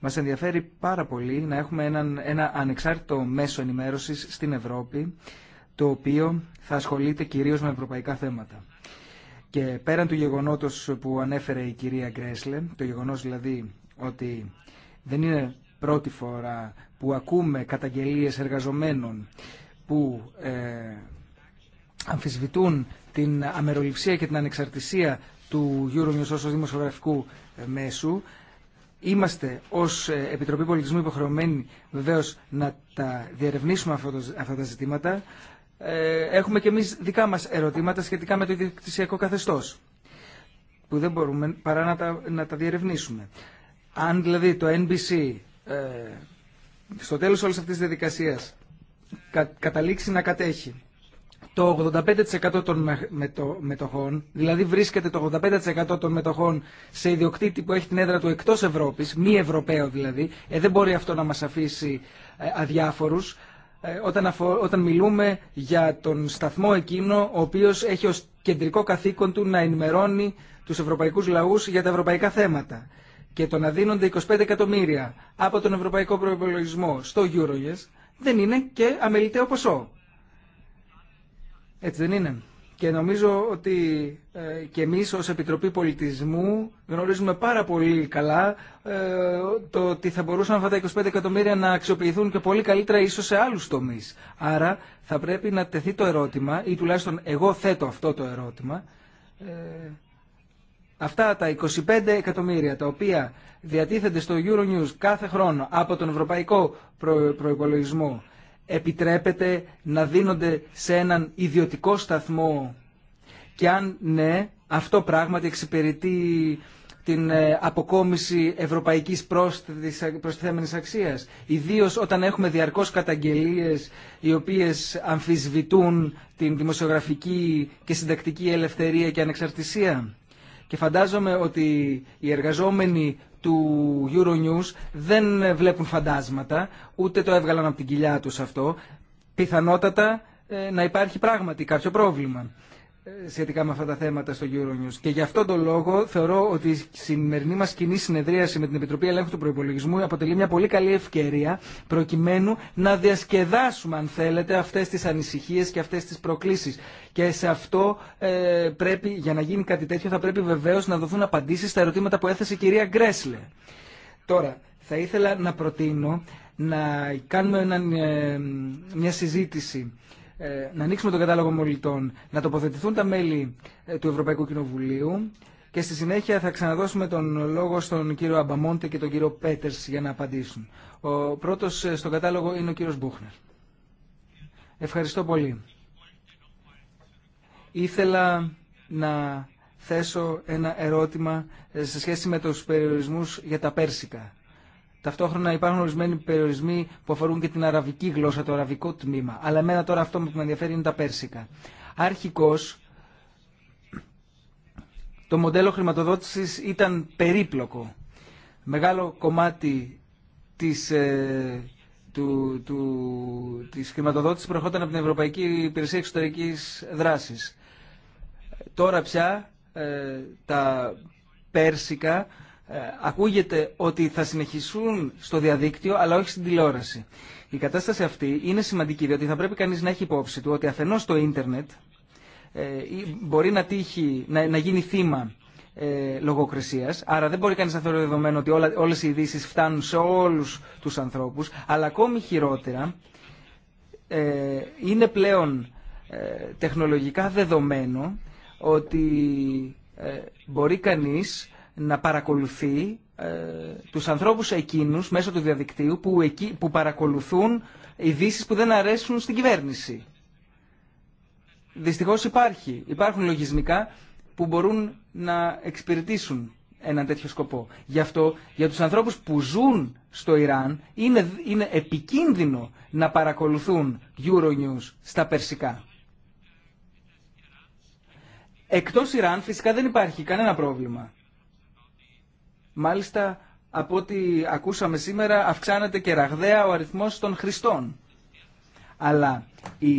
S1: μας ενδιαφέρει πάρα πολύ να έχουμε έναν, ένα ανεξάρτητο μέσο ενημέρωσης στην Ευρώπη το οποίο θα ασχολείται κυρίως με ευρωπαϊκά θέματα. Και πέραν του γεγονότος που ανέφερε η κυρία Γκρέσλε, το γεγονός δηλαδή ότι δεν είναι πρώτη φορά που ακούμε καταγγελίες εργαζομένων που ε, αμφισβητούν την αμεροληψία και την ανεξαρτησία του Euronews ως δημοσιογραφικού ε, μέσου. Είμαστε ως ε, Επιτροπή Πολιτισμού υποχρεωμένοι βεβαίως να τα διερευνήσουμε αυτά τα ζητήματα. Έχουμε και εμείς δικά μας ερωτήματα σχετικά με το ιδιοκτησιακό καθεστώς που δεν μπορούμε παρά να τα, να διερευνήσουμε. Αν δηλαδή το NBC στο τέλος όλης αυτής της διαδικασίας καταλήξει να κατέχει το 85% των μετοχών, δηλαδή βρίσκεται το 85% των μετοχών σε ιδιοκτήτη που έχει την έδρα του εκτός Ευρώπης, μη Ευρωπαίο δηλαδή, ε, δεν μπορεί αυτό να μας αφήσει ε, αδιάφορους ε, όταν, όταν μιλούμε για τον σταθμό εκείνο ο οποίος έχει ως κεντρικό καθήκον του να ενημερώνει τους ευρωπαϊκούς λαούς για τα ευρωπαϊκά θέματα και το να δίνονται 25 εκατομμύρια από τον ευρωπαϊκό Προπολογισμό στο yes, δεν είναι και αμεληταίο ποσό. Έτσι δεν είναι. Και νομίζω ότι ε, και εμείς ως Επιτροπή Πολιτισμού γνωρίζουμε πάρα πολύ καλά ε, το ότι θα μπορούσαν αυτά τα 25 εκατομμύρια να αξιοποιηθούν και πολύ καλύτερα ίσως σε άλλους τομείς. Άρα θα πρέπει να τεθεί το ερώτημα, ή τουλάχιστον εγώ θέτω αυτό το ερώτημα, ε, Αυτά τα 25 εκατομμύρια τα οποία διατίθενται στο Euronews κάθε χρόνο από τον Ευρωπαϊκό Προϋπολογισμό επιτρέπεται να δίνονται σε έναν ιδιωτικό σταθμό και αν ναι, αυτό πράγματι εξυπηρετεί την ε, αποκόμιση ευρωπαϊκής προστιθέμενης αξίας. Ιδίως όταν έχουμε διαρκώς καταγγελίες οι οποίες αμφισβητούν την δημοσιογραφική και συντακτική ελευθερία και ανεξαρτησία. Και φαντάζομαι ότι οι εργαζόμενοι του Euronews δεν βλέπουν φαντάσματα, ούτε το έβγαλαν από την κοιλιά τους αυτό. Πιθανότατα ε, να υπάρχει πράγματι κάποιο πρόβλημα σχετικά με αυτά τα θέματα στο Euronews. Και γι' αυτόν τον λόγο θεωρώ ότι η σημερινή μα κοινή συνεδρίαση με την Επιτροπή Ελέγχου του Προπολογισμού αποτελεί μια πολύ καλή ευκαιρία προκειμένου να διασκεδάσουμε αν θέλετε αυτέ τι ανησυχίε και αυτέ τι προκλήσει. Και σε αυτό ε, πρέπει, για να γίνει κάτι τέτοιο θα πρέπει βεβαίω να δοθούν απαντήσει στα ερωτήματα που έθεσε η κυρία Γκρέσλε. Τώρα, θα ήθελα να προτείνω να κάνουμε ε, μια συζήτηση ε, να ανοίξουμε τον κατάλογο μολυτών, να τοποθετηθούν τα μέλη ε, του Ευρωπαϊκού Κοινοβουλίου και στη συνέχεια θα ξαναδώσουμε τον λόγο στον κύριο Αμπαμόντε και τον κύριο Πέτερς για να απαντήσουν. Ο πρώτος ε, στον κατάλογο είναι ο κύριος Μπούχνερ. Ευχαριστώ πολύ. Ήθελα να θέσω ένα ερώτημα σε σχέση με τους περιορισμούς για τα Πέρσικα. Ταυτόχρονα υπάρχουν ορισμένοι περιορισμοί που αφορούν και την αραβική γλώσσα, το αραβικό τμήμα. Αλλά εμένα τώρα αυτό που με ενδιαφέρει είναι τα πέρσικα. Αρχικώς, το μοντέλο χρηματοδότησης ήταν περίπλοκο. Μεγάλο κομμάτι της, ε, του, του, χρηματοδότησης προερχόταν από την Ευρωπαϊκή Υπηρεσία Εξωτερικής Δράσης. Τώρα πια ε, τα πέρσικα ε, ακούγεται ότι θα συνεχιστούν στο διαδίκτυο αλλά όχι στην τηλεόραση. Η κατάσταση αυτή είναι σημαντική διότι θα πρέπει κανείς να έχει υπόψη του ότι αφενός το ίντερνετ ε, μπορεί να, τύχει, να, γίνει θύμα ε, Άρα δεν μπορεί κανείς να θεωρεί δεδομένο ότι όλες οι ειδήσει φτάνουν σε όλους τους ανθρώπους Αλλά ακόμη χειρότερα, ε, είναι πλέον ε, τεχνολογικά δεδομένο ότι ε, μπορεί κανείς να παρακολουθεί ε, τους ανθρώπους εκείνους μέσω του διαδικτύου που, εκεί, που παρακολουθούν ειδήσει που δεν αρέσουν στην κυβέρνηση. Δυστυχώς υπάρχει. Υπάρχουν λογισμικά που μπορούν να εξυπηρετήσουν έναν τέτοιο σκοπό. Γι' αυτό για τους ανθρώπους που ζουν στο Ιράν είναι, επικίνδυνο να παρακολουθούν Euronews στα περσικά. Εκτός Ιράν φυσικά δεν υπάρχει κανένα πρόβλημα. Μάλιστα, από ό,τι ακούσαμε σήμερα, αυξάνεται και ραγδαία ο αριθμός των χρηστών. Αλλά η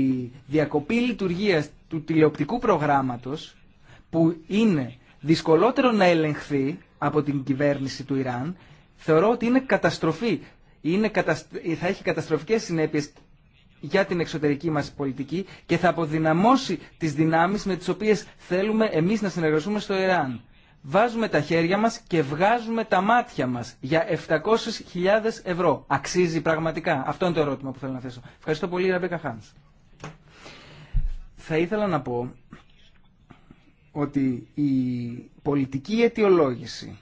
S1: διακοπή λειτουργίας του τηλεοπτικού προγράμματος, που είναι δυσκολότερο να ελεγχθεί από την κυβέρνηση του Ιράν, θεωρώ ότι είναι καταστροφή. Είναι, θα έχει καταστροφικές συνέπειες για την εξωτερική μας πολιτική και θα αποδυναμώσει τις δυνάμεις με τις οποίες θέλουμε εμείς να συνεργαστούμε στο Ιράν βάζουμε τα χέρια μας και βγάζουμε τα μάτια μας για 700.000 ευρώ. Αξίζει πραγματικά. Αυτό είναι το ερώτημα που θέλω να θέσω. Ευχαριστώ πολύ Ραμπέκα Χάνς. Θα ήθελα να πω ότι η πολιτική αιτιολόγηση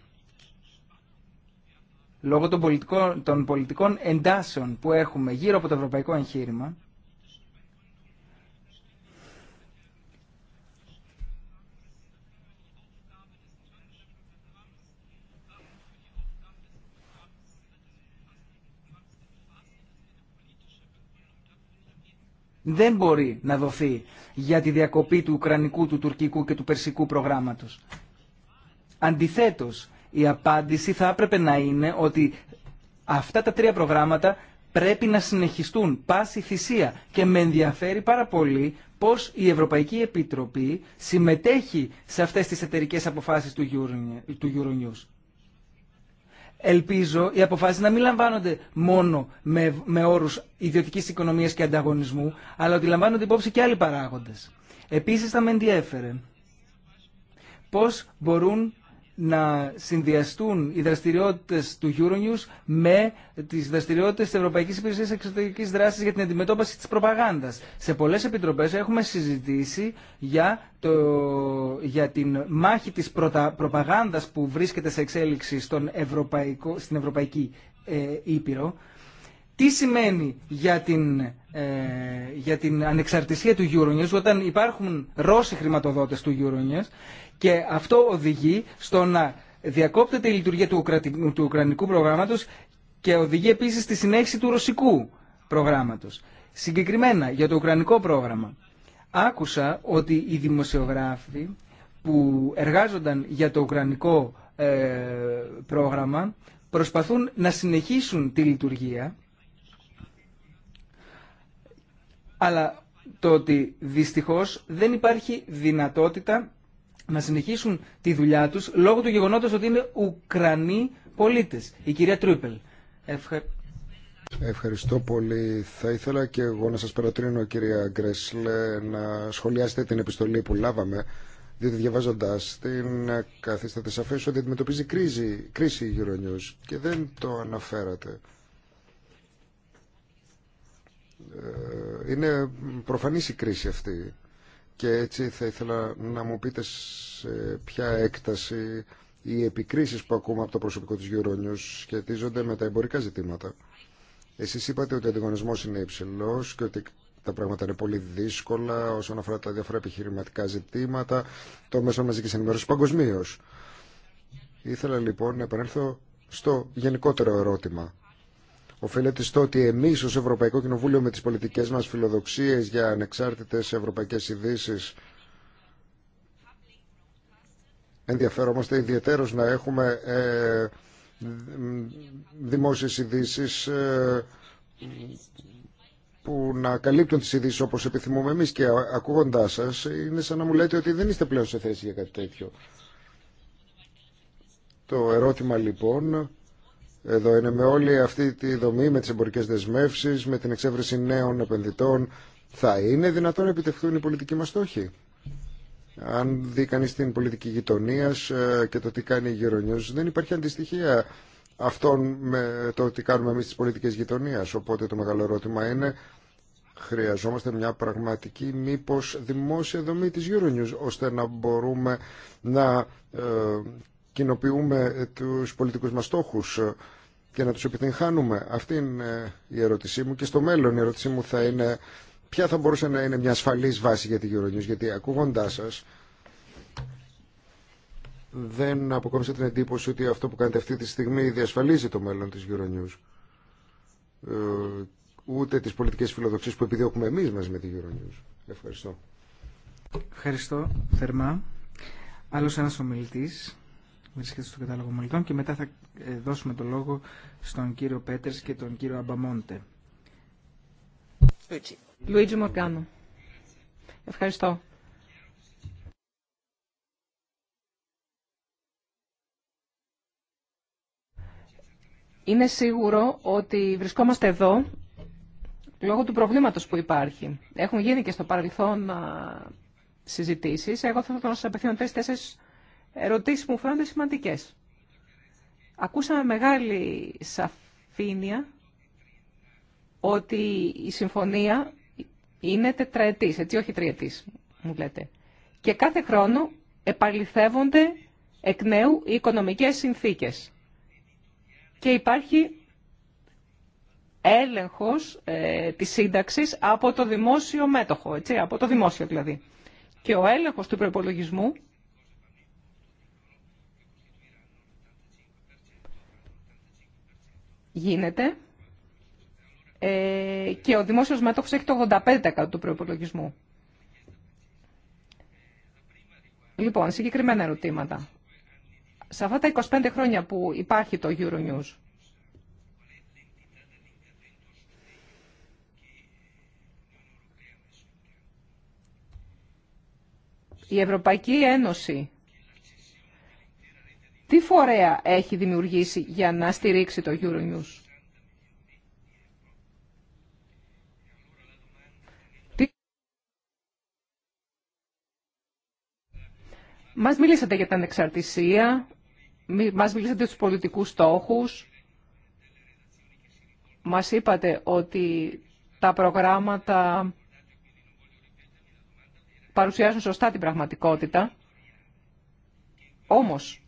S1: λόγω των πολιτικών, των πολιτικών εντάσεων που έχουμε γύρω από το ευρωπαϊκό εγχείρημα δεν μπορεί να δοθεί για τη διακοπή του Ουκρανικού, του Τουρκικού και του Περσικού προγράμματος. Αντιθέτως, η απάντηση θα έπρεπε να είναι ότι αυτά τα τρία προγράμματα πρέπει να συνεχιστούν πάση θυσία και με ενδιαφέρει πάρα πολύ πώς η Ευρωπαϊκή Επιτροπή συμμετέχει σε αυτές τις εταιρικές αποφάσεις του Euronews ελπίζω οι αποφάσεις να μην λαμβάνονται μόνο με, με όρους ιδιωτικής οικονομίας και ανταγωνισμού, αλλά ότι λαμβάνονται υπόψη και άλλοι παράγοντες. Επίσης θα με ενδιέφερε πώς μπορούν να συνδυαστούν οι δραστηριότητε του Euronews με τις δραστηριότητε τη Ευρωπαϊκής Υπηρεσίας Εξωτερικής Δράσης για την αντιμετώπιση της προπαγάνδας. Σε πολλές επιτροπές έχουμε συζητήσει για, το, για την μάχη της προπαγάνδα προπαγάνδας που βρίσκεται σε εξέλιξη στον Ευρωπαϊκό, στην Ευρωπαϊκή ε, Ήπειρο τι σημαίνει ε, για την, ανεξαρτησία του Euronews όταν υπάρχουν Ρώσοι χρηματοδότες του Euronews και αυτό οδηγεί στο να διακόπτεται η λειτουργία του, του Ουκρανικού προγράμματος και οδηγεί επίσης στη συνέχιση του Ρωσικού προγράμματος. Συγκεκριμένα για το Ουκρανικό πρόγραμμα. Άκουσα ότι οι δημοσιογράφοι που εργάζονταν για το Ουκρανικό ε, πρόγραμμα προσπαθούν να συνεχίσουν τη λειτουργία αλλά το ότι δυστυχώς δεν υπάρχει δυνατότητα να συνεχίσουν τη δουλειά τους λόγω του γεγονότος ότι είναι Ουκρανοί πολίτες. Η κυρία Τρούπελ.
S2: Ευχαριστώ πολύ. Θα ήθελα και εγώ να σας παρατρύνω κυρία Γκρέσλε να σχολιάσετε την επιστολή που λάβαμε διότι διαβάζοντα την καθίσταται σαφέ ότι αντιμετωπίζει κρίση, κρίση η Euronews και δεν το αναφέρατε. Ε, είναι προφανής η κρίση αυτή και έτσι θα ήθελα να μου πείτε σε ποια έκταση οι επικρίσεις που ακούμε από το προσωπικό της Euronew's σχετίζονται με τα εμπορικά ζητήματα. Εσείς είπατε ότι ο αντιγωνισμός είναι υψηλός και ότι τα πράγματα είναι πολύ δύσκολα όσον αφορά τα διάφορα επιχειρηματικά ζητήματα το Μέσο μαζικής ενημέρωση παγκοσμίω. Ήθελα λοιπόν να επανέλθω στο γενικότερο ερώτημα οφείλεται στο ότι εμείς ως Ευρωπαϊκό Κοινοβούλιο με τις πολιτικές μας φιλοδοξίες για ανεξάρτητες ευρωπαϊκές ειδήσει ενδιαφερόμαστε ιδιαίτερω να έχουμε ε, δημόσιες ειδήσει ε, που να καλύπτουν τις ειδήσει όπως επιθυμούμε εμείς και ακούγοντάς σας είναι σαν να μου λέτε ότι δεν είστε πλέον σε θέση για κάτι τέτοιο. Το ερώτημα λοιπόν εδώ είναι με όλη αυτή τη δομή, με τι εμπορικέ δεσμεύσει, με την εξέβρεση νέων επενδυτών. Θα είναι δυνατόν να επιτευχθούν οι πολιτικοί μα στόχοι. Αν δει κανεί την πολιτική γειτονία ε, και το τι κάνει η Γερονιό, δεν υπάρχει αντιστοιχεία αυτών με το τι κάνουμε εμεί τι πολιτικέ γειτονία. Οπότε το μεγάλο ερώτημα είναι, χρειαζόμαστε μια πραγματική μήπω δημόσια δομή τη Euronews, ώστε να μπορούμε να ε, κοινοποιούμε ε, τους πολιτικούς μας στόχους ε, και να τους επιτυγχάνουμε. Αυτή είναι ε, η ερώτησή μου και στο μέλλον η ερώτησή μου θα είναι ποια θα μπορούσε να είναι μια ασφαλής βάση για τη Euronews γιατί ακούγοντάς σας δεν αποκόμισε την εντύπωση ότι αυτό που κάνετε αυτή τη στιγμή διασφαλίζει το μέλλον της Euronews ούτε τις πολιτικές φιλοδοξίες που επιδιώκουμε εμείς μαζί με τη Euronews. Ευχαριστώ.
S1: Ευχαριστώ θερμά. Άλλος ένας ομιλητής βρίσκεται στο κατάλογο μολυτών και μετά θα ε, δώσουμε το λόγο στον κύριο Πέτερς και τον κύριο Αμπαμόντε.
S3: Λουίτζι Μοργκάνο. Ευχαριστώ. Είναι σίγουρο ότι βρισκόμαστε εδώ λόγω του προβλήματος που υπάρχει. Έχουν γίνει και στο παρελθόν συζητήσεις. Εγώ θα ήθελα να σας απευθύνω τέσσερις ερωτήσεις μου φαίνονται σημαντικές. Ακούσαμε μεγάλη σαφήνεια ότι η συμφωνία είναι τετραετής, έτσι όχι τριετής, μου λέτε. Και κάθε χρόνο επαληθεύονται εκ νέου οι οικονομικές συνθήκες. Και υπάρχει έλεγχος ε, της σύνταξης από το δημόσιο μέτοχο, έτσι, από το δημόσιο δηλαδή. Και ο έλεγχος του προπολογισμού γίνεται ε, και ο δημόσιος μέτοχος έχει το 85% του προϋπολογισμού. Λοιπόν, συγκεκριμένα ερωτήματα. Σε αυτά τα 25 χρόνια που υπάρχει το Euronews, η Ευρωπαϊκή Ένωση τι φορέα έχει δημιουργήσει για να στηρίξει το Euronews. Μας μιλήσατε για την ανεξαρτησία, μας μιλήσατε για τους πολιτικούς στόχους, μας είπατε ότι τα προγράμματα παρουσιάζουν σωστά την πραγματικότητα. Όμως,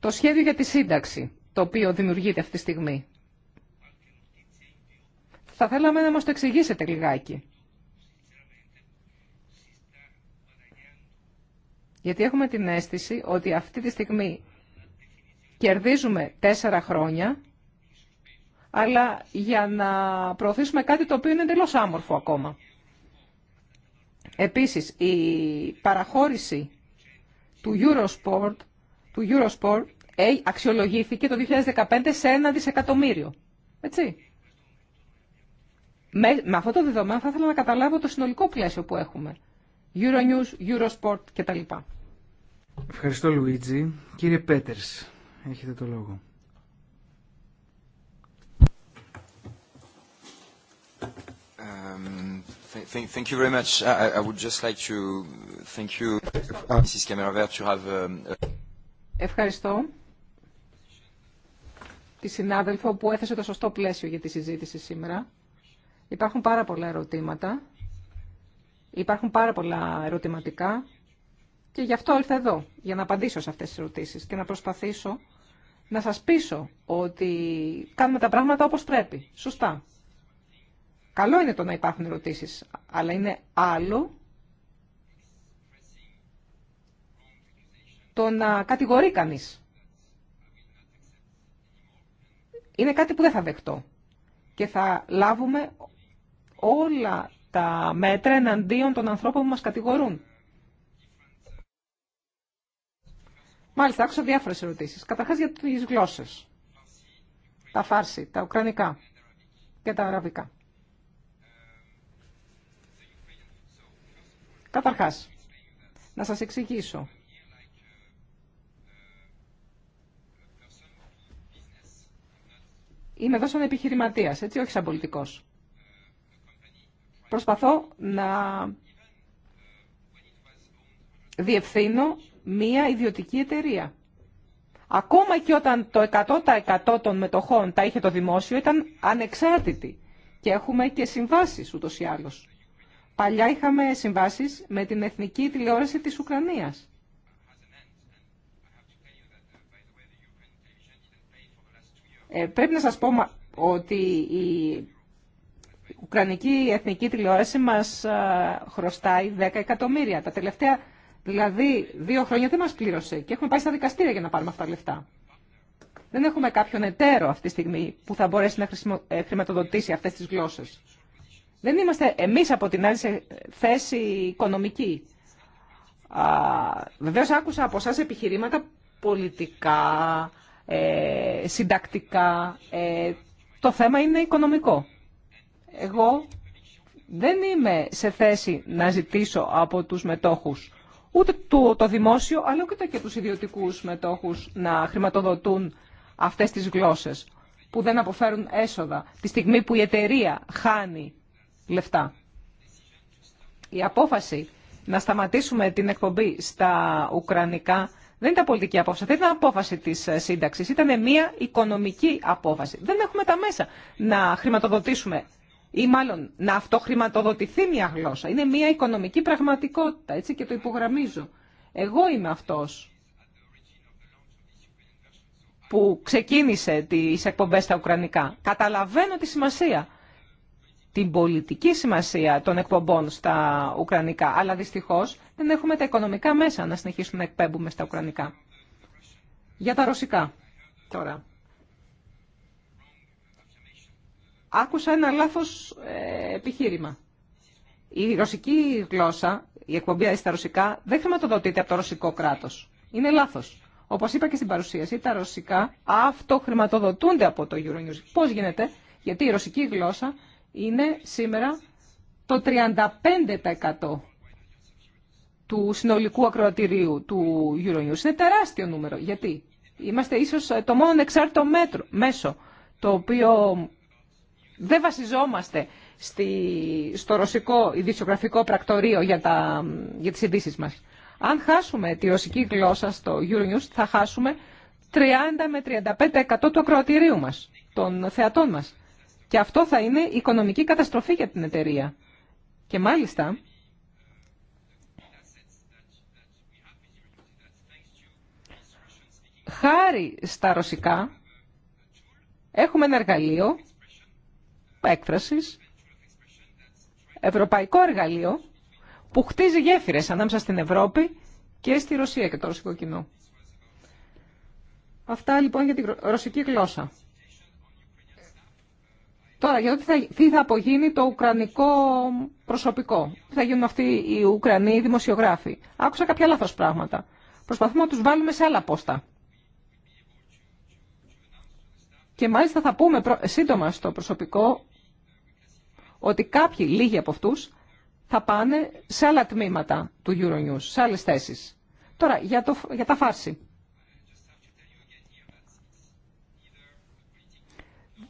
S3: το σχέδιο για τη σύνταξη, το οποίο δημιουργείται αυτή τη στιγμή. Θα θέλαμε να μας το εξηγήσετε λιγάκι. Γιατί έχουμε την αίσθηση ότι αυτή τη στιγμή κερδίζουμε τέσσερα χρόνια, αλλά για να προωθήσουμε κάτι το οποίο είναι εντελώ άμορφο ακόμα. Επίσης, η παραχώρηση του Eurosport του Eurosport αξιολογήθηκε το 2015 σε ένα δισεκατομμύριο. Έτσι. Με, με αυτό το δεδομένο θα ήθελα να καταλάβω το συνολικό πλαίσιο που έχουμε. Euronews, Eurosport κτλ.
S1: Ευχαριστώ Λουίτζι. Κύριε Πέτερς, έχετε το λόγο. Um, thank you very much. I would just like
S2: to thank you, Mrs. Camerabert, to have um,
S3: Ευχαριστώ τη συνάδελφο που έθεσε το σωστό πλαίσιο για τη συζήτηση σήμερα. Υπάρχουν πάρα πολλά ερωτήματα, υπάρχουν πάρα πολλά ερωτηματικά και γι' αυτό ήρθα εδώ, για να απαντήσω σε αυτές τις ερωτήσεις και να προσπαθήσω να σας πείσω ότι κάνουμε τα πράγματα όπως πρέπει, σωστά. Καλό είναι το να υπάρχουν ερωτήσεις, αλλά είναι άλλο το να κατηγορεί κανείς. Είναι κάτι που δεν θα δεχτώ. Και θα λάβουμε όλα τα μέτρα εναντίον των ανθρώπων που μας κατηγορούν. Μάλιστα, άκουσα διάφορες ερωτήσεις. Καταρχάς για τις γλώσσες. Τα φάρση, τα ουκρανικά και τα αραβικά. Καταρχάς, να σας εξηγήσω Είμαι εδώ σαν επιχειρηματίας, έτσι, όχι σαν πολιτικό. Προσπαθώ να διευθύνω μία ιδιωτική εταιρεία. Ακόμα και όταν το 100% των μετοχών τα είχε το δημόσιο, ήταν ανεξάρτητη. Και έχουμε και συμβάσεις ούτως ή άλλως. Παλιά είχαμε συμβάσεις με την Εθνική Τηλεόραση της Ουκρανίας. Ε, πρέπει να σας πω ότι η Ουκρανική Εθνική Τηλεόραση μας ε, χρωστάει 10 εκατομμύρια. Τα τελευταία, δηλαδή, δύο χρόνια δεν μας πλήρωσε και έχουμε πάει στα δικαστήρια για να πάρουμε αυτά τα λεφτά. Δεν έχουμε κάποιον εταίρο αυτή τη στιγμή που θα μπορέσει να ε, χρηματοδοτήσει αυτές τις γλώσσες. Δεν είμαστε εμείς από την άλλη σε θέση οικονομική. Βεβαίω άκουσα από εσά επιχειρήματα πολιτικά, ε, συντακτικά. Ε, το θέμα είναι οικονομικό. Εγώ δεν είμαι σε θέση να ζητήσω από τους μετόχους ούτε το, το δημόσιο, αλλά ούτε και τους ιδιωτικούς μετόχους να χρηματοδοτούν αυτές τις γλώσσες που δεν αποφέρουν έσοδα τη στιγμή που η εταιρεία χάνει λεφτά. Η απόφαση να σταματήσουμε την εκπομπή στα Ουκρανικά δεν ήταν πολιτική απόφαση, δεν ήταν απόφαση τη ε, σύνταξη. Ήταν μια οικονομική απόφαση. Δεν έχουμε τα μέσα να χρηματοδοτήσουμε ή μάλλον να αυτοχρηματοδοτηθεί μια γλώσσα. Είναι μια οικονομική πραγματικότητα, έτσι και το υπογραμμίζω. Εγώ είμαι αυτός που ξεκίνησε τις εκπομπές στα Ουκρανικά. Καταλαβαίνω τη σημασία την πολιτική σημασία των εκπομπών στα Ουκρανικά, αλλά δυστυχώς δεν έχουμε τα οικονομικά μέσα να συνεχίσουμε να εκπέμπουμε στα Ουκρανικά. Για τα Ρωσικά τώρα. Άκουσα ένα λάθος ε, επιχείρημα. Η ρωσική γλώσσα, η εκπομπή στα ρωσικά, δεν χρηματοδοτείται από το ρωσικό κράτος. Είναι λάθος. Όπω είπα και στην παρουσίαση, τα ρωσικά αυτοχρηματοδοτούνται από το Euronews. Πώ γίνεται, γιατί η ρωσική γλώσσα είναι σήμερα το 35% του συνολικού ακροατηρίου του Euronews. Είναι τεράστιο νούμερο. Γιατί είμαστε ίσως ε, το μόνο εξάρτητο μέτρο, μέσο το οποίο δεν βασιζόμαστε στη, στο ρωσικό ειδησιογραφικό πρακτορείο για, τα, για τις ειδήσει μας. Αν χάσουμε τη ρωσική γλώσσα στο Euronews θα χάσουμε 30 με 35% του ακροατηρίου μας, των θεατών μας. Και αυτό θα είναι οικονομική καταστροφή για την εταιρεία. Και μάλιστα, χάρη στα ρωσικά, έχουμε ένα εργαλείο έκφρασης, ευρωπαϊκό εργαλείο, που χτίζει γέφυρες ανάμεσα στην Ευρώπη και στη Ρωσία και το ρωσικό κοινό. Αυτά λοιπόν για τη ρωσική γλώσσα. Τώρα, για το τι θα, απογίνει το ουκρανικό προσωπικό. Τι θα γίνουν αυτοί οι Ουκρανοί δημοσιογράφοι. Άκουσα κάποια λάθος πράγματα. Προσπαθούμε να τους βάλουμε σε άλλα πόστα. Και μάλιστα θα πούμε σύντομα στο προσωπικό ότι κάποιοι, λίγοι από αυτούς, θα πάνε σε άλλα τμήματα του Euronews, σε άλλες θέσεις. Τώρα, για, το, για τα φάρση.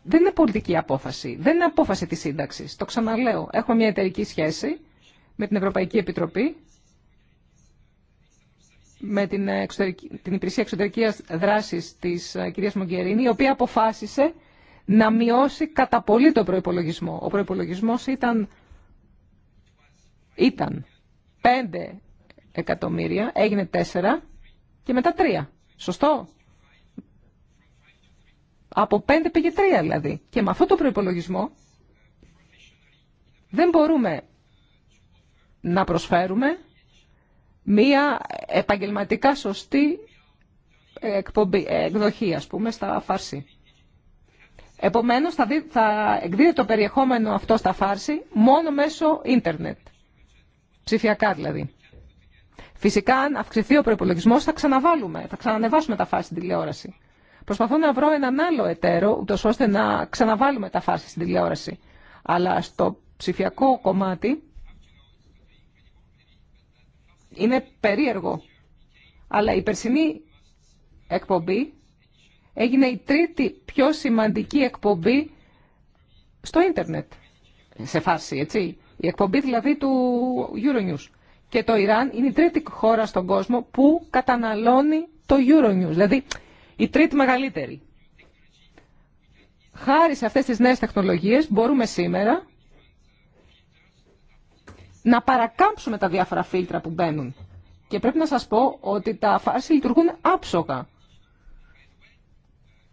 S3: δεν είναι πολιτική απόφαση, δεν είναι απόφαση τη σύνταξη. Το ξαναλέω, έχουμε μια εταιρική σχέση με την Ευρωπαϊκή Επιτροπή, με την, ε, την Υπηρεσία εξωτερική δράση της ε, κυρίας Μογκερίνη, η οποία αποφάσισε να μειώσει κατά πολύ τον προϋπολογισμό. Ο προϋπολογισμός ήταν, ήταν 5 εκατομμύρια, έγινε 4 και μετά 3. Σωστό. Από 5 πήγε 3 δηλαδή. Και με αυτό το προϋπολογισμό δεν μπορούμε να προσφέρουμε μία επαγγελματικά σωστή ε, εκδοχή, ας πούμε, στα φάρση. Επομένως, θα, δει θα εκδίδεται το περιεχόμενο αυτό στα φάρση μόνο μέσω ίντερνετ. Ψηφιακά δηλαδή. Φυσικά, αν αυξηθεί ο προπολογισμό, θα ξαναβάλουμε, θα ξανανεβάσουμε τα φάρση στην τηλεόραση. Προσπαθώ να βρω έναν άλλο εταίρο, ούτω ώστε να ξαναβάλουμε τα φάση στην τηλεόραση. Αλλά στο ψηφιακό κομμάτι είναι περίεργο. Αλλά η περσινή εκπομπή έγινε η τρίτη πιο σημαντική εκπομπή στο ίντερνετ. Σε φάση, έτσι. Η εκπομπή δηλαδή του Euronews. Και το Ιράν είναι η τρίτη χώρα στον κόσμο που καταναλώνει το Euronews. Δηλαδή η τρίτη μεγαλύτερη. Χάρη σε αυτές τις νέες τεχνολογίες μπορούμε σήμερα να παρακάμψουμε τα διάφορα φίλτρα που μπαίνουν. Και πρέπει να σας πω ότι τα φάρση λειτουργούν άψογα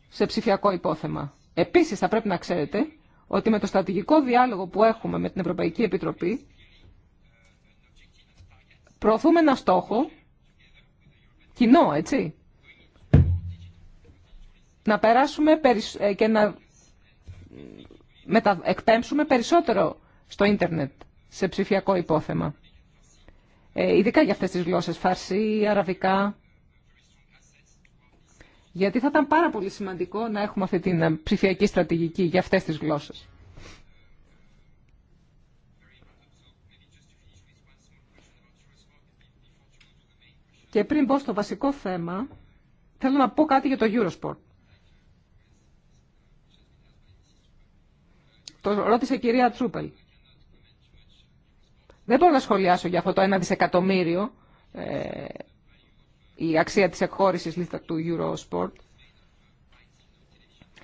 S3: σε ψηφιακό υπόθεμα. Επίσης θα πρέπει να ξέρετε ότι με το στρατηγικό διάλογο που έχουμε με την Ευρωπαϊκή Επιτροπή προωθούμε ένα στόχο κοινό, έτσι, να περάσουμε ε, και να μετα... εκπέμψουμε περισσότερο στο ίντερνετ σε ψηφιακό υπόθεμα. Ε, ειδικά για αυτές τις γλώσσες, φαρσί, αραβικά. Γιατί θα ήταν πάρα πολύ σημαντικό να έχουμε αυτή την ε, ψηφιακή στρατηγική για αυτές τις γλώσσες. Και πριν πω στο βασικό θέμα, θέλω να πω κάτι για το Eurosport. Το ρώτησε η κυρία Τσούπελ. Δεν μπορώ να σχολιάσω για αυτό το ένα δισεκατομμύριο ε, η αξία της εκχώρησης λίστα του Eurosport.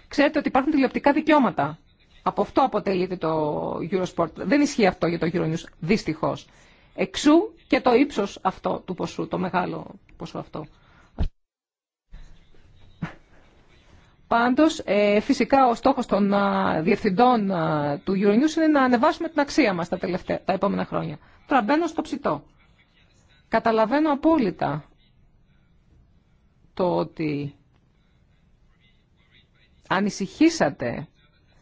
S3: Ξέρετε ότι υπάρχουν τηλεοπτικά δικαιώματα. Από αυτό αποτελείται το Eurosport. Δεν ισχύει αυτό για το Euronews, δυστυχώς. Εξού και το ύψος αυτό του ποσού, το μεγάλο ποσό αυτό. Πάντως, ε, φυσικά ο στόχος των διευθυντών του Euronews είναι να ανεβάσουμε την αξία μας τα, τα επόμενα χρόνια. Τώρα μπαίνω στο ψητό. Καταλαβαίνω απόλυτα το ότι ανησυχήσατε,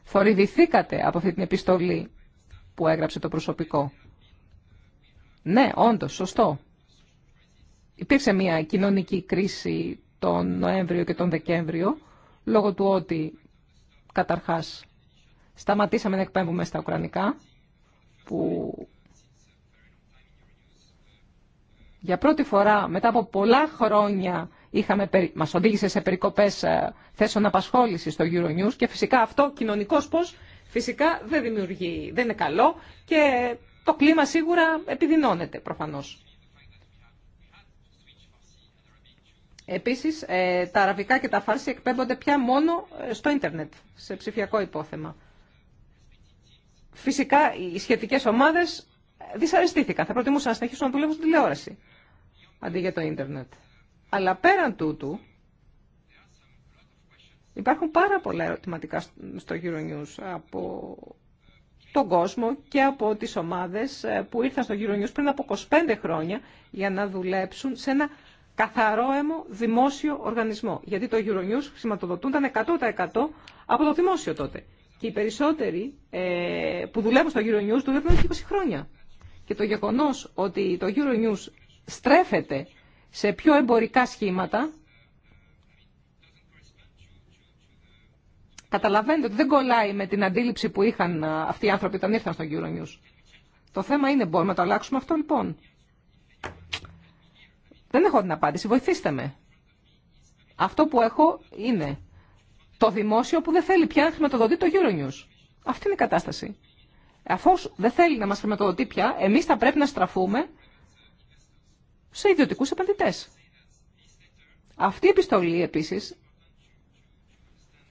S3: θορυβηθήκατε από αυτή την επιστολή που έγραψε το προσωπικό. Ναι, όντως, σωστό. Υπήρξε μια κοινωνική κρίση τον Νοέμβριο και τον Δεκέμβριο λόγω του ότι καταρχάς σταματήσαμε να εκπέμπουμε στα Ουκρανικά, που για πρώτη φορά μετά από πολλά χρόνια είχαμε, μας οδήγησε σε περικοπές ε, θέσεων απασχόλησης στο Euronews και φυσικά αυτό κοινωνικός πως φυσικά δεν δημιουργεί, δεν είναι καλό και το κλίμα σίγουρα επιδεινώνεται προφανώς. Επίσης, ε, τα αραβικά και τα φάρση εκπέμπονται πια μόνο ε, στο ίντερνετ, σε ψηφιακό υπόθεμα. Φυσικά, οι σχετικές ομάδες ε, δυσαρεστήθηκαν. Θα προτιμούσαν να συνεχίσουν να δουλεύουν στην τηλεόραση, αντί για το ίντερνετ. Αλλά πέραν τούτου, υπάρχουν πάρα πολλά ερωτηματικά στο Euronews από τον κόσμο και από τις ομάδες που ήρθαν στο Euronews πριν από 25 χρόνια για να δουλέψουν σε ένα καθαρό δημόσιο οργανισμό. Γιατί το Euronews χρηματοδοτούνταν 100% από το δημόσιο τότε. Και οι περισσότεροι ε, που δουλεύουν στο Euronews δουλεύουν και 20 χρόνια. Και το γεγονός ότι το Euronews στρέφεται σε πιο εμπορικά σχήματα, καταλαβαίνετε ότι δεν κολλάει με την αντίληψη που είχαν ε, αυτοί οι άνθρωποι όταν ήρθαν στο Euronews. Το θέμα είναι, μπορούμε να το αλλάξουμε αυτό λοιπόν. Δεν έχω την απάντηση. Βοηθήστε με. Αυτό που έχω είναι το δημόσιο που δεν θέλει πια να χρηματοδοτεί το Euronews. Αυτή είναι η κατάσταση. Αφού δεν θέλει να μας χρηματοδοτεί πια, εμείς θα πρέπει να στραφούμε σε ιδιωτικούς επενδυτές. Αυτή η επιστολή επίσης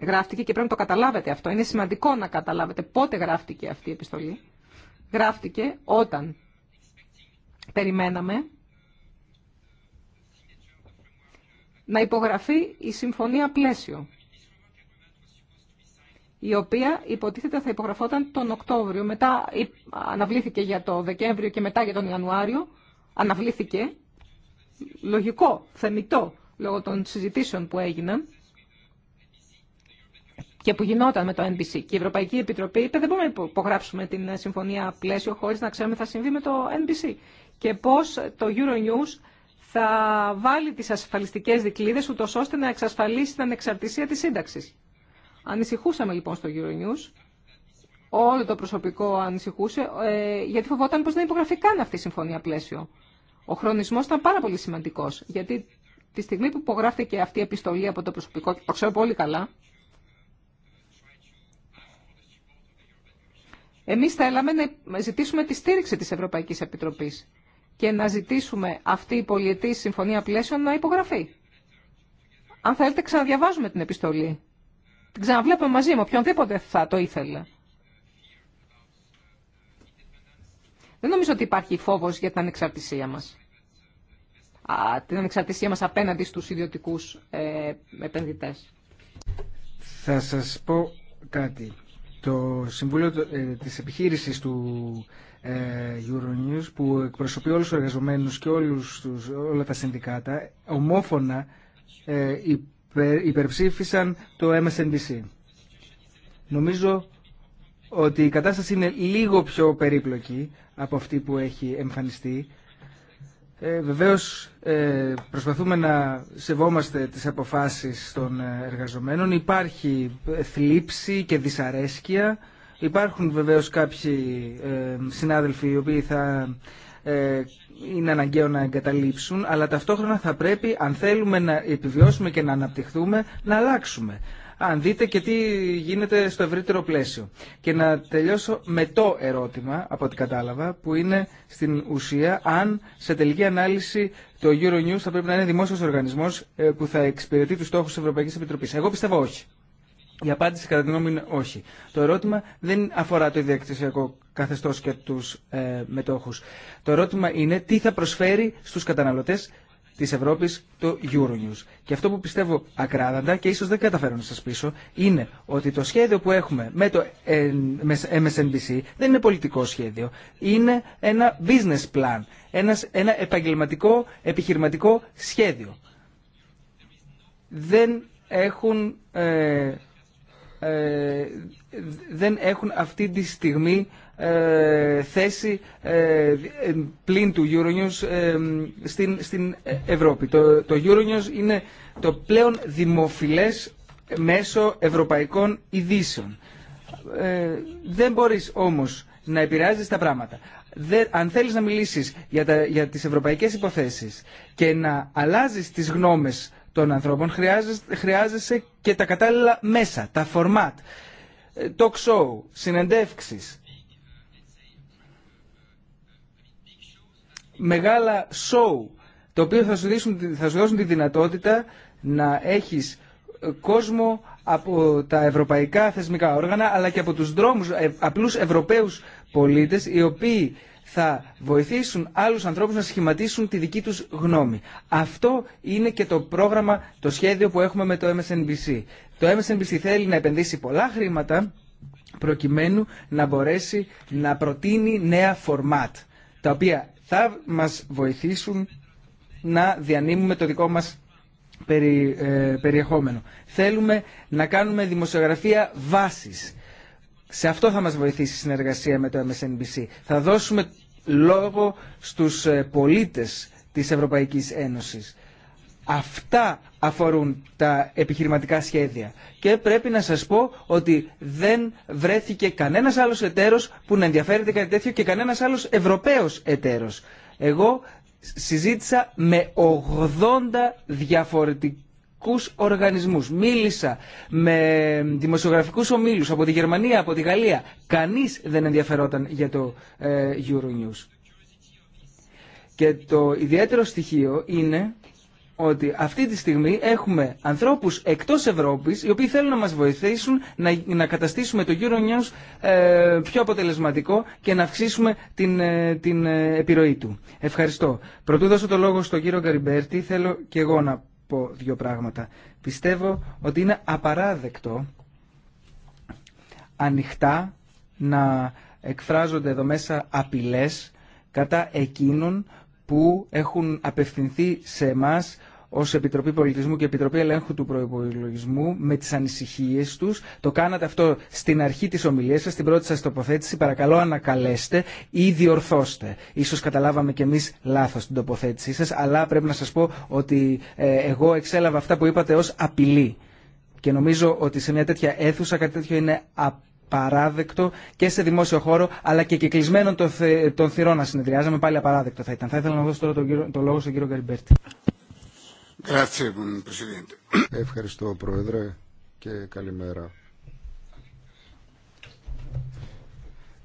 S3: γράφτηκε και πρέπει να το καταλάβετε αυτό. Είναι σημαντικό να καταλάβετε πότε γράφτηκε αυτή η επιστολή. Γράφτηκε όταν περιμέναμε να υπογραφεί η Συμφωνία Πλαίσιο, η οποία υποτίθεται θα υπογραφόταν τον Οκτώβριο, μετά αναβλήθηκε για το Δεκέμβριο και μετά για τον Ιανουάριο, αναβλήθηκε, λογικό, θεμητό, λόγω των συζητήσεων που έγιναν και που γινόταν με το NBC. Και η Ευρωπαϊκή Επιτροπή είπε δεν μπορούμε να υπογράψουμε την συμφωνία πλαίσιο χωρίς να ξέρουμε θα συμβεί με το NBC. Και πώς το Euronews θα βάλει τις ασφαλιστικές δικλείδες ούτω ώστε να εξασφαλίσει την ανεξαρτησία της σύνταξης. Ανησυχούσαμε λοιπόν στο Euronews, όλο το προσωπικό ανησυχούσε, ε, γιατί φοβόταν πως δεν υπογραφεί καν αυτή η συμφωνία πλαίσιο. Ο χρονισμός ήταν πάρα πολύ σημαντικός, γιατί τη στιγμή που υπογράφηκε αυτή η επιστολή από το προσωπικό, το ξέρω πολύ καλά, εμείς θέλαμε να ζητήσουμε τη στήριξη της Ευρωπαϊκής Επιτροπής και να ζητήσουμε αυτή η πολιετή συμφωνία πλαίσεων να υπογραφεί. Αν θέλετε ξαναδιαβάζουμε την επιστολή. Την ξαναβλέπουμε μαζί με οποιονδήποτε θα το ήθελε. Δεν νομίζω ότι υπάρχει φόβος για την ανεξαρτησία μας. Α, την ανεξαρτησία μας απέναντι στους ιδιωτικούς ε, επενδυτές.
S1: Θα σας πω κάτι. Το Συμβούλιο ε, της Επιχείρησης του ε, Euronews που εκπροσωπεί όλους τους εργαζομένους και όλους τους, όλα τα συνδικάτα ομόφωνα ε, υπερψήφισαν το MSNBC. Νομίζω ότι η κατάσταση είναι λίγο πιο περίπλοκη από αυτή που έχει εμφανιστεί. Ε, βεβαίως ε, προσπαθούμε να σεβόμαστε τις αποφάσεις των εργαζομένων. Υπάρχει θλίψη και δυσαρέσκεια Υπάρχουν βεβαίως κάποιοι ε, συνάδελφοι οι οποίοι θα ε, είναι αναγκαίο να εγκαταλείψουν, αλλά ταυτόχρονα θα πρέπει, αν θέλουμε να επιβιώσουμε και να αναπτυχθούμε, να αλλάξουμε. Αν δείτε και τι γίνεται στο ευρύτερο πλαίσιο. Και να τελειώσω με το ερώτημα, από ό,τι κατάλαβα, που είναι στην ουσία αν σε τελική ανάλυση το Euronews θα πρέπει να είναι δημόσιος οργανισμός ε, που θα εξυπηρετεί τους στόχους της Ευρωπαϊκής Επιτροπής. Εγώ πιστεύω όχι. Η απάντηση κατά την γνώμη είναι όχι. Το ερώτημα δεν αφορά το ιδιοκτησιακό καθεστώ και του ε, μετόχους. Το ερώτημα είναι τι θα προσφέρει στους καταναλωτές της Ευρώπης το Euronews. Και αυτό που πιστεύω ακράδαντα και ίσως δεν καταφέρω να σας πείσω είναι ότι το σχέδιο που έχουμε με το ε, MSNBC δεν είναι πολιτικό σχέδιο. Είναι ένα business plan, ένα επαγγελματικό επιχειρηματικό σχέδιο. Δεν έχουν... Ε, ε, δεν έχουν αυτή τη στιγμή ε, θέση ε, πλην του Euronews στην, στην Ευρώπη. Το, το Euronews είναι το πλέον δημοφιλές μέσο ευρωπαϊκών ειδήσεων. δεν μπορείς όμως να επηρεάζει τα πράγματα. αν θέλεις να μιλήσεις για, τα, για τις ευρωπαϊκές υποθέσεις και να αλλάζεις τις γνώμες των ανθρώπων, χρειάζεσαι και τα κατάλληλα μέσα, τα format, ε, talk show, συνεντεύξεις, μεγάλα show, το οποίο θα σου, δώσουν, θα σου τη δυνατότητα να έχεις ε, κόσμο από τα ευρωπαϊκά θεσμικά όργανα αλλά και από τους δρόμους ε, απλούς Ευρωπαίους πολίτες οι οποίοι θα βοηθήσουν άλλους ανθρώπους να σχηματίσουν τη δική τους γνώμη. Αυτό είναι και το πρόγραμμα, το σχέδιο που έχουμε με το MSNBC. Το MSNBC θέλει να επενδύσει πολλά χρήματα προκειμένου να μπορέσει να προτείνει νέα φορμάτ, τα οποία θα μας βοηθήσουν να διανύμουμε το δικό μας ε, περιεχόμενο. Θέλουμε να κάνουμε δημοσιογραφία βάσης σε αυτό θα μας βοηθήσει η συνεργασία με το MSNBC. Θα δώσουμε λόγο στους ε, πολίτες της Ευρωπαϊκής Ένωσης. Αυτά αφορούν τα επιχειρηματικά σχέδια. Και πρέπει να σας πω ότι δεν βρέθηκε κανένας άλλος εταίρος που να ενδιαφέρεται κάτι τέτοιο και κανένας άλλος Ευρωπαίος εταίρος. Εγώ συζήτησα με 80 διαφορετικά δημοσιογραφικούς οργανισμούς. Μίλησα με δημοσιογραφικούς ομίλους από τη Γερμανία, από τη Γαλλία. Κανείς δεν ενδιαφερόταν για το ε, Euronews. Και το ιδιαίτερο στοιχείο είναι ότι αυτή τη στιγμή έχουμε ανθρώπους εκτός Ευρώπης οι οποίοι θέλουν να μας βοηθήσουν να, να καταστήσουμε το Euronews ε, πιο αποτελεσματικό και να αυξήσουμε την, ε, την επιρροή του. Ευχαριστώ. Πρωτού δώσω το λόγο στον κύριο Γκαριμπέρτη, θέλω και εγώ να πω δύο πράγματα. Πιστεύω ότι είναι απαράδεκτο ανοιχτά να εκφράζονται εδώ μέσα απειλές κατά εκείνων που έχουν απευθυνθεί σε εμάς Ω Επιτροπή Πολιτισμού και Επιτροπή Ελέγχου του προπολογισμού με τι ανησυχίε του. Το κάνατε αυτό στην αρχή τη ομιλία σα, στην πρώτη σα τοποθέτηση. Παρακαλώ ανακαλέστε ή διορθώστε. Σω καταλάβαμε κι εμεί λάθο την τοποθέτησή σα, αλλά πρέπει να σα πω ότι ε, εγώ εξέλαβα αυτά που είπατε ω απειλή. Και νομίζω ότι σε μια τέτοια αίθουσα κάτι τέτοιο είναι απαράδεκτο και σε δημόσιο χώρο, αλλά και κεκλεισμένων των θυρών να συνεδριάζαμε. Πάλι απαράδεκτο θα ήταν. Θα ήθελα να δώσω τώρα το
S2: λόγο στον κύριο Γκαριμπέρτη. Mm, Ευχαριστώ Πρόεδρε και καλημέρα.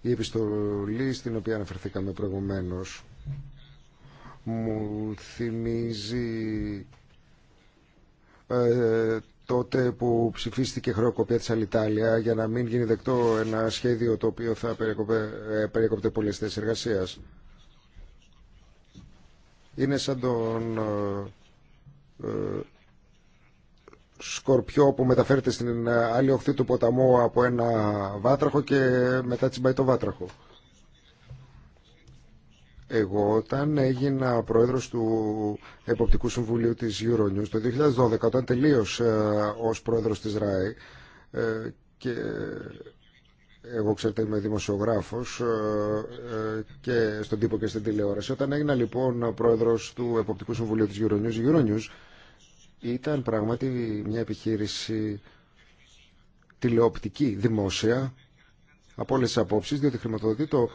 S2: Η επιστολή στην οποία αναφερθήκαμε προηγουμένως μου θυμίζει ε, τότε που ψηφίστηκε χρεοκοπία της Αλιτάλια για να μην γίνει δεκτό ένα σχέδιο το οποίο θα περικοπτε, ε, περικοπτε πολλές θέσεις εργασίας. Είναι σαν τον ε, ε, σκορπιό που μεταφέρεται στην άλλη οχθή του ποταμού από ένα βάτραχο και μετά τσιμπάει το βάτραχο. Εγώ όταν έγινα πρόεδρος του Εποπτικού Συμβουλίου της Euronews το 2012, όταν τελείωσα ε, ως πρόεδρος της ΡΑΕ ε, και εγώ ξέρετε είμαι δημοσιογράφος ε, και στον τύπο και στην τηλεόραση. Όταν έγινα λοιπόν πρόεδρος του Εποπτικού Συμβουλίου της Euronews, Euronews ήταν πράγματι μια επιχείρηση τηλεοπτική δημόσια από όλες τις απόψεις, διότι χρηματοδοτεί το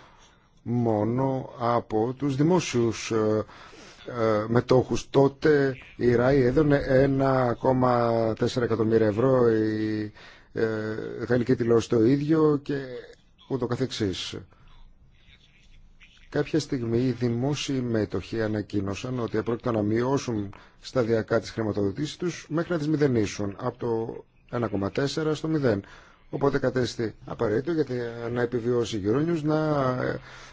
S2: μόνο από τους δημόσιους ε, ε, μετόχους. Τότε η ΡΑΗ έδωνε 1,4 εκατομμύρια ευρώ, η γαλλική ε, τηλεόραση το ίδιο και ούτω καθεξής. Κάποια στιγμή οι δημόσιοι μέτοχοι ανακοίνωσαν ότι πρόκειται να μειώσουν σταδιακά τις χρηματοδοτήσεις τους μέχρι να τις μηδενίσουν από το 1,4 στο 0. Οπότε κατέστη απαραίτητο γιατί να επιβιώσει η Euronews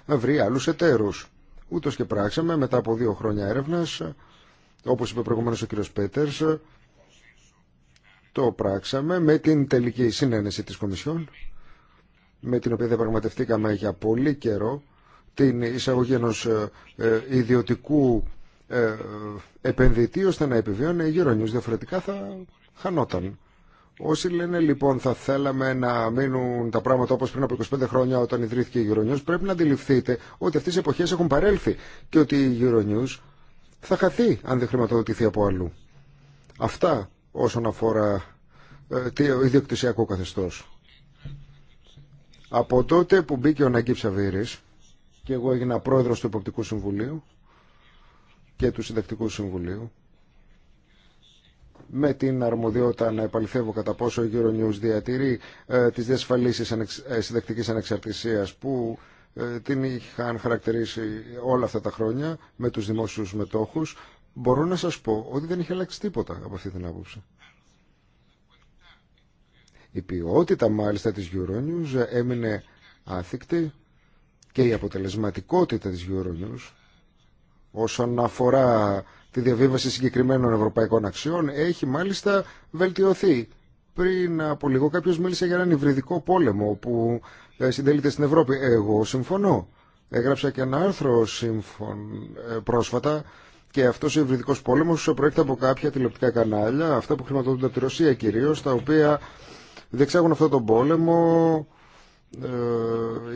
S2: να βρει άλλους εταίρους. Ούτως και πράξαμε μετά από δύο χρόνια έρευνας, όπως είπε προηγουμένως ο κύριος Πέτερς, το πράξαμε με την τελική συνένεση της Κομισιόν, με την οποία διαπραγματευτήκαμε για πολύ καιρό την εισαγωγή ενός ε, ε, ιδιωτικού ε, επενδυτή ώστε να επιβιώνει η Euronews. Διαφορετικά θα χανόταν. Όσοι λένε λοιπόν θα θέλαμε να μείνουν τα πράγματα όπως πριν από 25 χρόνια όταν ιδρύθηκε η Euronews πρέπει να αντιληφθείτε ότι αυτές οι εποχές έχουν παρέλθει και ότι η Euronews θα χαθεί αν δεν χρηματοδοτηθεί από αλλού. Αυτά όσον αφορά ε, το ιδιοκτησιακό καθεστώς. Από τότε που μπήκε ο Ναγκή Ψαβήρης και εγώ έγινα πρόεδρος του Εποπτικού Συμβουλίου και του Συντακτικού Συμβουλίου με την αρμοδιότητα να επαληθεύω κατά πόσο ο News διατηρεί ε, τις διασφαλίσεις ανεξ, ε, ανεξαρτησίας που ε, την είχαν χαρακτηρίσει όλα αυτά τα χρόνια με τους δημόσιους μετόχους μπορώ να σας πω ότι δεν έχει αλλάξει τίποτα από αυτή την άποψη. Η ποιότητα μάλιστα της Euronews έμεινε άθικτη και η αποτελεσματικότητα της Euronews όσον αφορά τη διαβίβαση συγκεκριμένων ευρωπαϊκών αξιών έχει μάλιστα βελτιωθεί. Πριν από λίγο κάποιος μίλησε για έναν υβριδικό πόλεμο που ε, συντελείται στην Ευρώπη. Εγώ συμφωνώ. Έγραψα και ένα άρθρο σύμφων, ε, πρόσφατα και αυτό ο υβριδικό πόλεμο προέρχεται από κάποια τηλεοπτικά κανάλια, αυτά που χρηματοδοτούνται από τη Ρωσία κυρίω, τα οποία διεξάγουν αυτόν τον πόλεμο. Ε,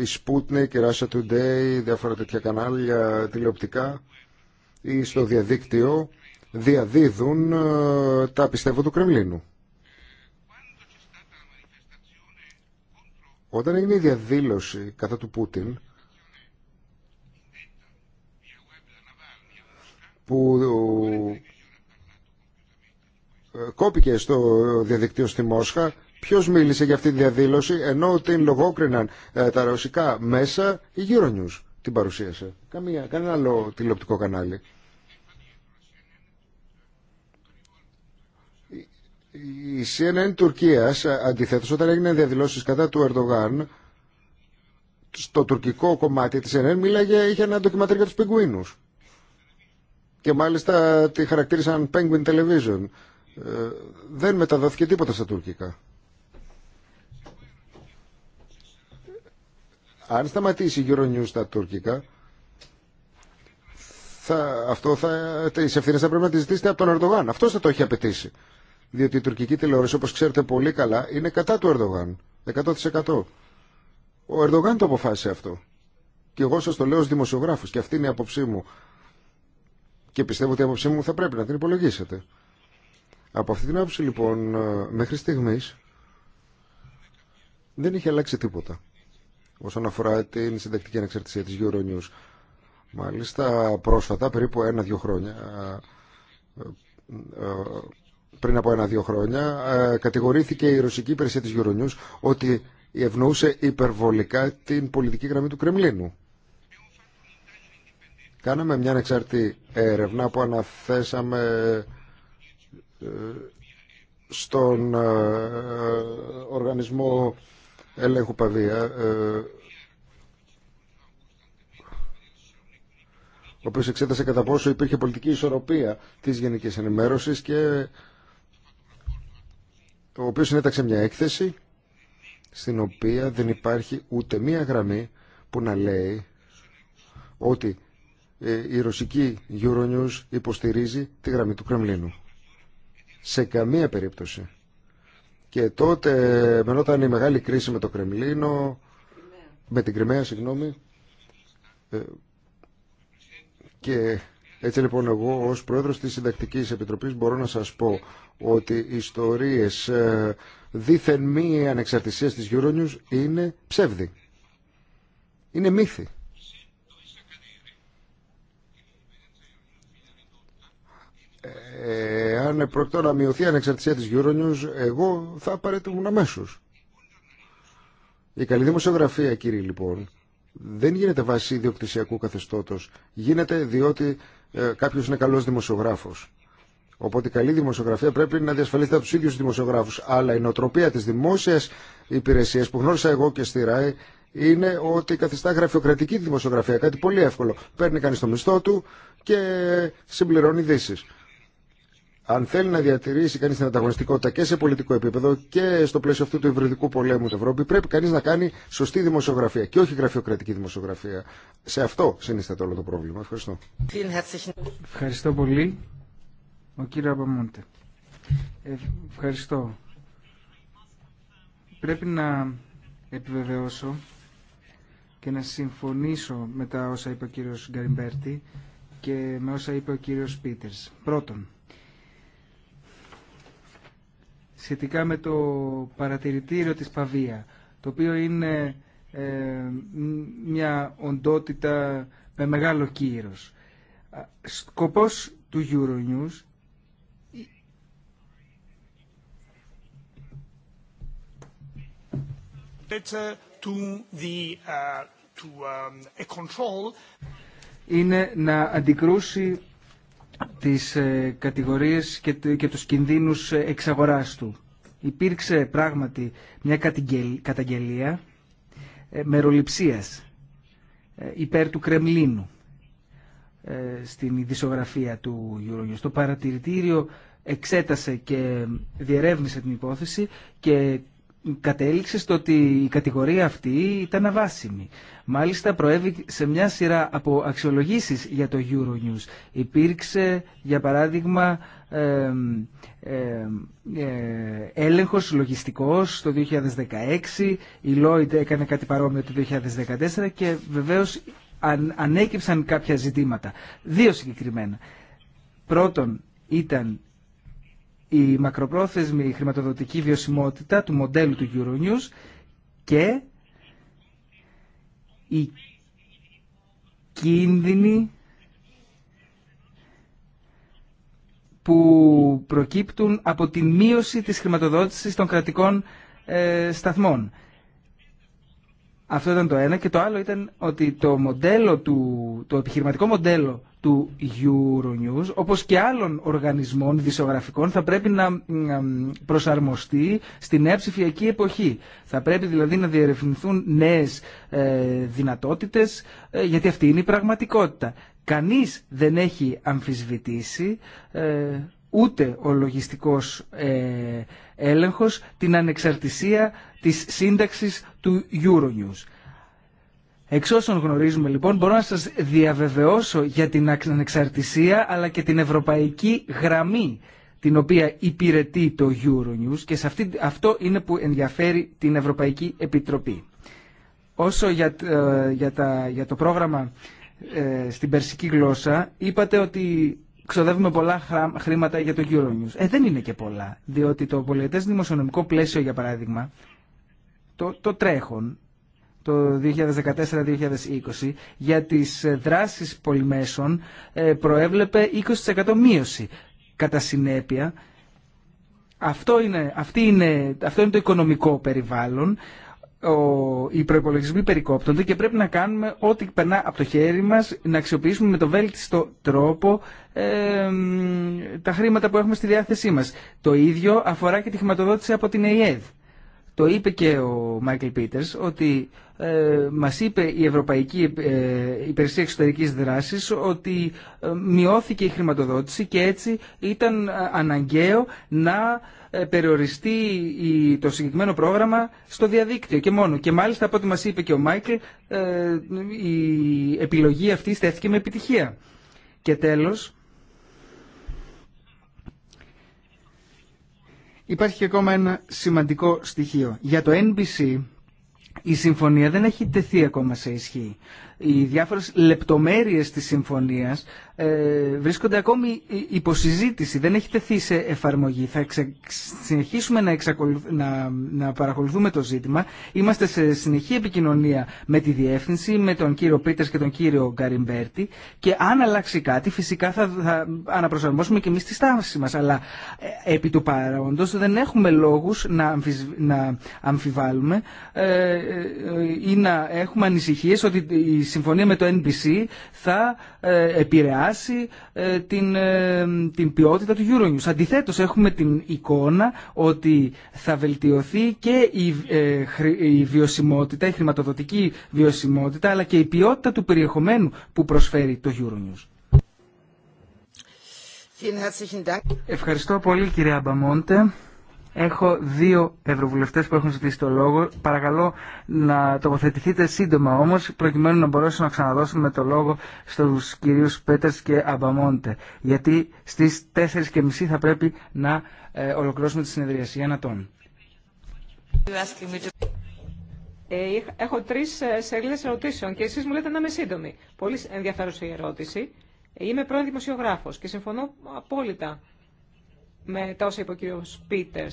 S2: η Sputnik, η Russia Today, διάφορα τέτοια κανάλια τηλεοπτικά ή στο διαδίκτυο διαδίδουν ε, τα πιστεύω του Κρεμλίνου. Όταν έγινε η διαδήλωση κατά του Πούτιν, που ε, κόπηκε στο διαδικτύο στη Μόσχα. Ποιος μίλησε για αυτή τη διαδήλωση ενώ την λογόκριναν ε, τα ρωσικά μέσα η Euronews την παρουσίασε. Καμία, κανένα άλλο τηλεοπτικό κανάλι. Η CNN Τουρκίας, ε, αντιθέτως, όταν έγιναν διαδηλώσεις κατά του Ερντογάν, στο τουρκικό κομμάτι της CNN μίλαγε, είχε ένα ντοκιματέρ για τους πιγκουίνους και μάλιστα τη χαρακτήρισαν Penguin Television. Ε, δεν μεταδόθηκε τίποτα στα τουρκικά. Αν σταματήσει η Euronews στα τουρκικά, θα, αυτό θα, τις ευθύνες θα πρέπει να τις ζητήσετε από τον Ερντογάν. Αυτό θα το έχει απαιτήσει. Διότι η τουρκική τηλεόραση, όπως ξέρετε πολύ καλά, είναι κατά του Ερντογάν. 100%. Ο Ερντογάν το αποφάσισε αυτό. Και εγώ σας το λέω ως δημοσιογράφος και αυτή είναι η άποψή μου. Και πιστεύω ότι η άποψή μου θα πρέπει να την υπολογίσετε. Από αυτή την άποψη λοιπόν ε, μέχρι στιγμής δεν είχε αλλάξει τίποτα όσον αφορά την συντακτική ανεξαρτησία της Euronews. Μάλιστα πρόσφατα, περίπου ένα-δύο χρόνια, ε, ε, πριν από ένα-δύο χρόνια, κατηγορήθηκε η ρωσική υπηρεσία της Euronews ότι ευνοούσε υπερβολικά την πολιτική γραμμή του Κρεμλίνου. Κάναμε μια ανεξάρτητη έρευνα που αναθέσαμε ε, στον ε, οργανισμό ελέγχου Παδία ε, ο οποίος εξέτασε κατά πόσο υπήρχε πολιτική ισορροπία της γενικής ενημέρωσης και ο οποίος συνέταξε μια έκθεση στην οποία δεν υπάρχει ούτε μία γραμμή που να λέει ότι ε, η ρωσική Euronews υποστηρίζει τη γραμμή του Κρεμλίνου. Σε καμία περίπτωση. Και τότε μενόταν η μεγάλη κρίση με το Κρεμλίνο, με την Κρυμαία, συγγνώμη. Ε, και έτσι λοιπόν εγώ ως πρόεδρος της Συντακτικής Επιτροπής μπορώ να σας πω ότι οι ιστορίες ε, δίθεν μη ανεξαρτησίας της Euronews είναι ψεύδι. Είναι μύθι. αν πρόκειται να μειωθεί η ανεξαρτησία της Euronews, εγώ θα απαραίτημουν αμέσω. Η καλή δημοσιογραφία, κύριοι, λοιπόν, δεν γίνεται βάση ιδιοκτησιακού καθεστώτος. Γίνεται διότι ε, κάποιος είναι καλός δημοσιογράφος. Οπότε η καλή δημοσιογραφία πρέπει να διασφαλίζεται από του ίδιου δημοσιογράφου. Αλλά η νοοτροπία τη δημόσια υπηρεσία που γνώρισα εγώ και στη ΡΑΕ είναι ότι καθιστά γραφειοκρατική δημοσιογραφία. Κάτι πολύ εύκολο. Παίρνει κανεί το μισθό του και συμπληρώνει ειδήσει. Αν θέλει να διατηρήσει κανεί την ανταγωνιστικότητα και σε πολιτικό επίπεδο και στο πλαίσιο αυτού του ευρωδικού πολέμου στην Ευρώπη, πρέπει κανεί να κάνει σωστή δημοσιογραφία και όχι γραφειοκρατική δημοσιογραφία. Σε αυτό συνίσταται όλο το πρόβλημα. Ευχαριστώ. Ευχαριστώ
S1: πολύ. Ο κύριο Ευχαριστώ. Πρέπει να επιβεβαιώσω και να συμφωνήσω με τα όσα είπε ο κύριος Γκαριμπέρτη και με όσα είπε ο κύριος Πίτερς. Πρώτον, σχετικά με το παρατηρητήριο της Παβία, το οποίο είναι ε, μια οντότητα με μεγάλο κύρος. Σκοπός του Euronews uh, uh, um, είναι να αντικρούσει τις ε, κατηγορίες και τους κινδύνους ε, εξαγοράς του. Υπήρξε πράγματι μια καταγγελία ε, μεροληψίας υπέρ του Κρεμλίνου στην ειδησογραφία του Euronews. Το παρατηρητήριο εξέτασε και διερεύνησε την υπόθεση και κατέληξε στο ότι η κατηγορία αυτή ήταν αβάσιμη. Μάλιστα προέβη σε μια σειρά από αξιολογήσεις για το Euronews. Υπήρξε, για παράδειγμα, ε, ε, έλεγχος λογιστικός το 2016, η Lloyd έκανε κάτι παρόμοιο το 2014 και βεβαίως ανέκυψαν κάποια ζητήματα. Δύο συγκεκριμένα. Πρώτον, ήταν η μακροπρόθεσμη χρηματοδοτική βιωσιμότητα του μοντέλου του Euronews και η κίνδυνοι που προκύπτουν από τη μείωση της χρηματοδότησης των κρατικών ε, σταθμών. Αυτό ήταν το ένα. Και το άλλο ήταν ότι το, μοντέλο του, το επιχειρηματικό μοντέλο του Euronews, όπως και άλλων οργανισμών δισογραφικών, θα πρέπει να προσαρμοστεί στην νέα ψηφιακή εποχή. Θα πρέπει δηλαδή να διερευνηθούν νέες ε, δυνατότητες, ε, γιατί αυτή είναι η πραγματικότητα. Κανείς δεν έχει αμφισβητήσει ε, ούτε ο λογιστικός έλεγχος την ανεξαρτησία της σύνταξης του Euronews. Εξ όσων γνωρίζουμε λοιπόν μπορώ να σας διαβεβαιώσω για την ανεξαρτησία αλλά και την ευρωπαϊκή γραμμή την οποία υπηρετεί το Euronews και σε αυτή, αυτό είναι που ενδιαφέρει την Ευρωπαϊκή Επιτροπή. Όσο για, ε, για, τα, για το πρόγραμμα ε, στην περσική γλώσσα είπατε ότι ξοδεύουμε πολλά χρήματα για το Euronews. Ε, δεν είναι και πολλά, διότι το πολιετές δημοσιονομικό πλαίσιο, για παράδειγμα, το, το τρέχον, το 2014-2020 για τις ε, δράσεις πολυμέσων ε, προέβλεπε 20% μείωση. Κατά συνέπεια, αυτό είναι, αυτή είναι, αυτό είναι το οικονομικό περιβάλλον. Ο, οι προπολογισμοί περικόπτονται και πρέπει να κάνουμε ό,τι περνά από το χέρι μας να αξιοποιήσουμε με το βέλτιστο τρόπο τα χρήματα που έχουμε στη διάθεσή μας. Το ίδιο αφορά και τη χρηματοδότηση από την ΕΕΔ. Το είπε και ο Μάικλ Πίτερς ότι ε, μας είπε η Ευρωπαϊκή ε, Υπηρεσία Εξωτερικής Δράσης ότι ε, μειώθηκε η χρηματοδότηση και έτσι ήταν ε, αναγκαίο να περιοριστεί το συγκεκριμένο πρόγραμμα στο διαδίκτυο και μόνο. Και μάλιστα από ό,τι μας είπε και ο Μάικλ η επιλογή αυτή στέθηκε με επιτυχία. Και τέλος, Υπάρχει και ακόμα ένα σημαντικό στοιχείο. Για το NBC η συμφωνία δεν έχει τεθεί ακόμα σε ισχύ οι διάφορες λεπτομέρειες της συμφωνίας ε, βρίσκονται ακόμη υποσυζήτηση, δεν έχει τεθεί σε εφαρμογή. Θα συνεχίσουμε να, να, να παρακολουθούμε το ζήτημα. Είμαστε σε συνεχή επικοινωνία με τη Διεύθυνση, με τον κύριο Πίτερς και τον κύριο Γκαριμπέρτη και αν αλλάξει κάτι φυσικά θα, αναπροσαρμόσουμε και εμείς τη στάση μας. Αλλά ε, επί του παρόντος δεν έχουμε λόγους να, να αμφιβάλλουμε ε, ε, ή να έχουμε ανησυχίες ότι η συμφωνία με το NBC θα ε, επηρεάσει ε, την, ε, την ποιότητα του Euronews. Αντιθέτως έχουμε την εικόνα ότι θα βελτιωθεί και η, η βιωσιμότητα, η χρηματοδοτική βιωσιμότητα αλλά και η ποιότητα του περιεχομένου που προσφέρει το Euronews. Ευχαριστώ πολύ κυρία Μπαμόντε. Έχω δύο ευρωβουλευτές που έχουν ζητήσει το λόγο. Παρακαλώ να τοποθετηθείτε σύντομα όμως, προκειμένου να μπορέσουμε να ξαναδώσουμε το λόγο στους κυρίους Πέτερς και Αμπαμόντε. Γιατί στις 4.30 θα πρέπει να ε, ολοκληρώσουμε τη συνεδρίαση. να τόν.
S3: Ε, έχω τρει ε, σελίδε ερωτήσεων και εσεί μου λέτε να είμαι σύντομη. Πολύ ενδιαφέρουσα η ερώτηση. Είμαι πρώην δημοσιογράφο και συμφωνώ απόλυτα με τα όσα είπε ο κύριο Πίτερ.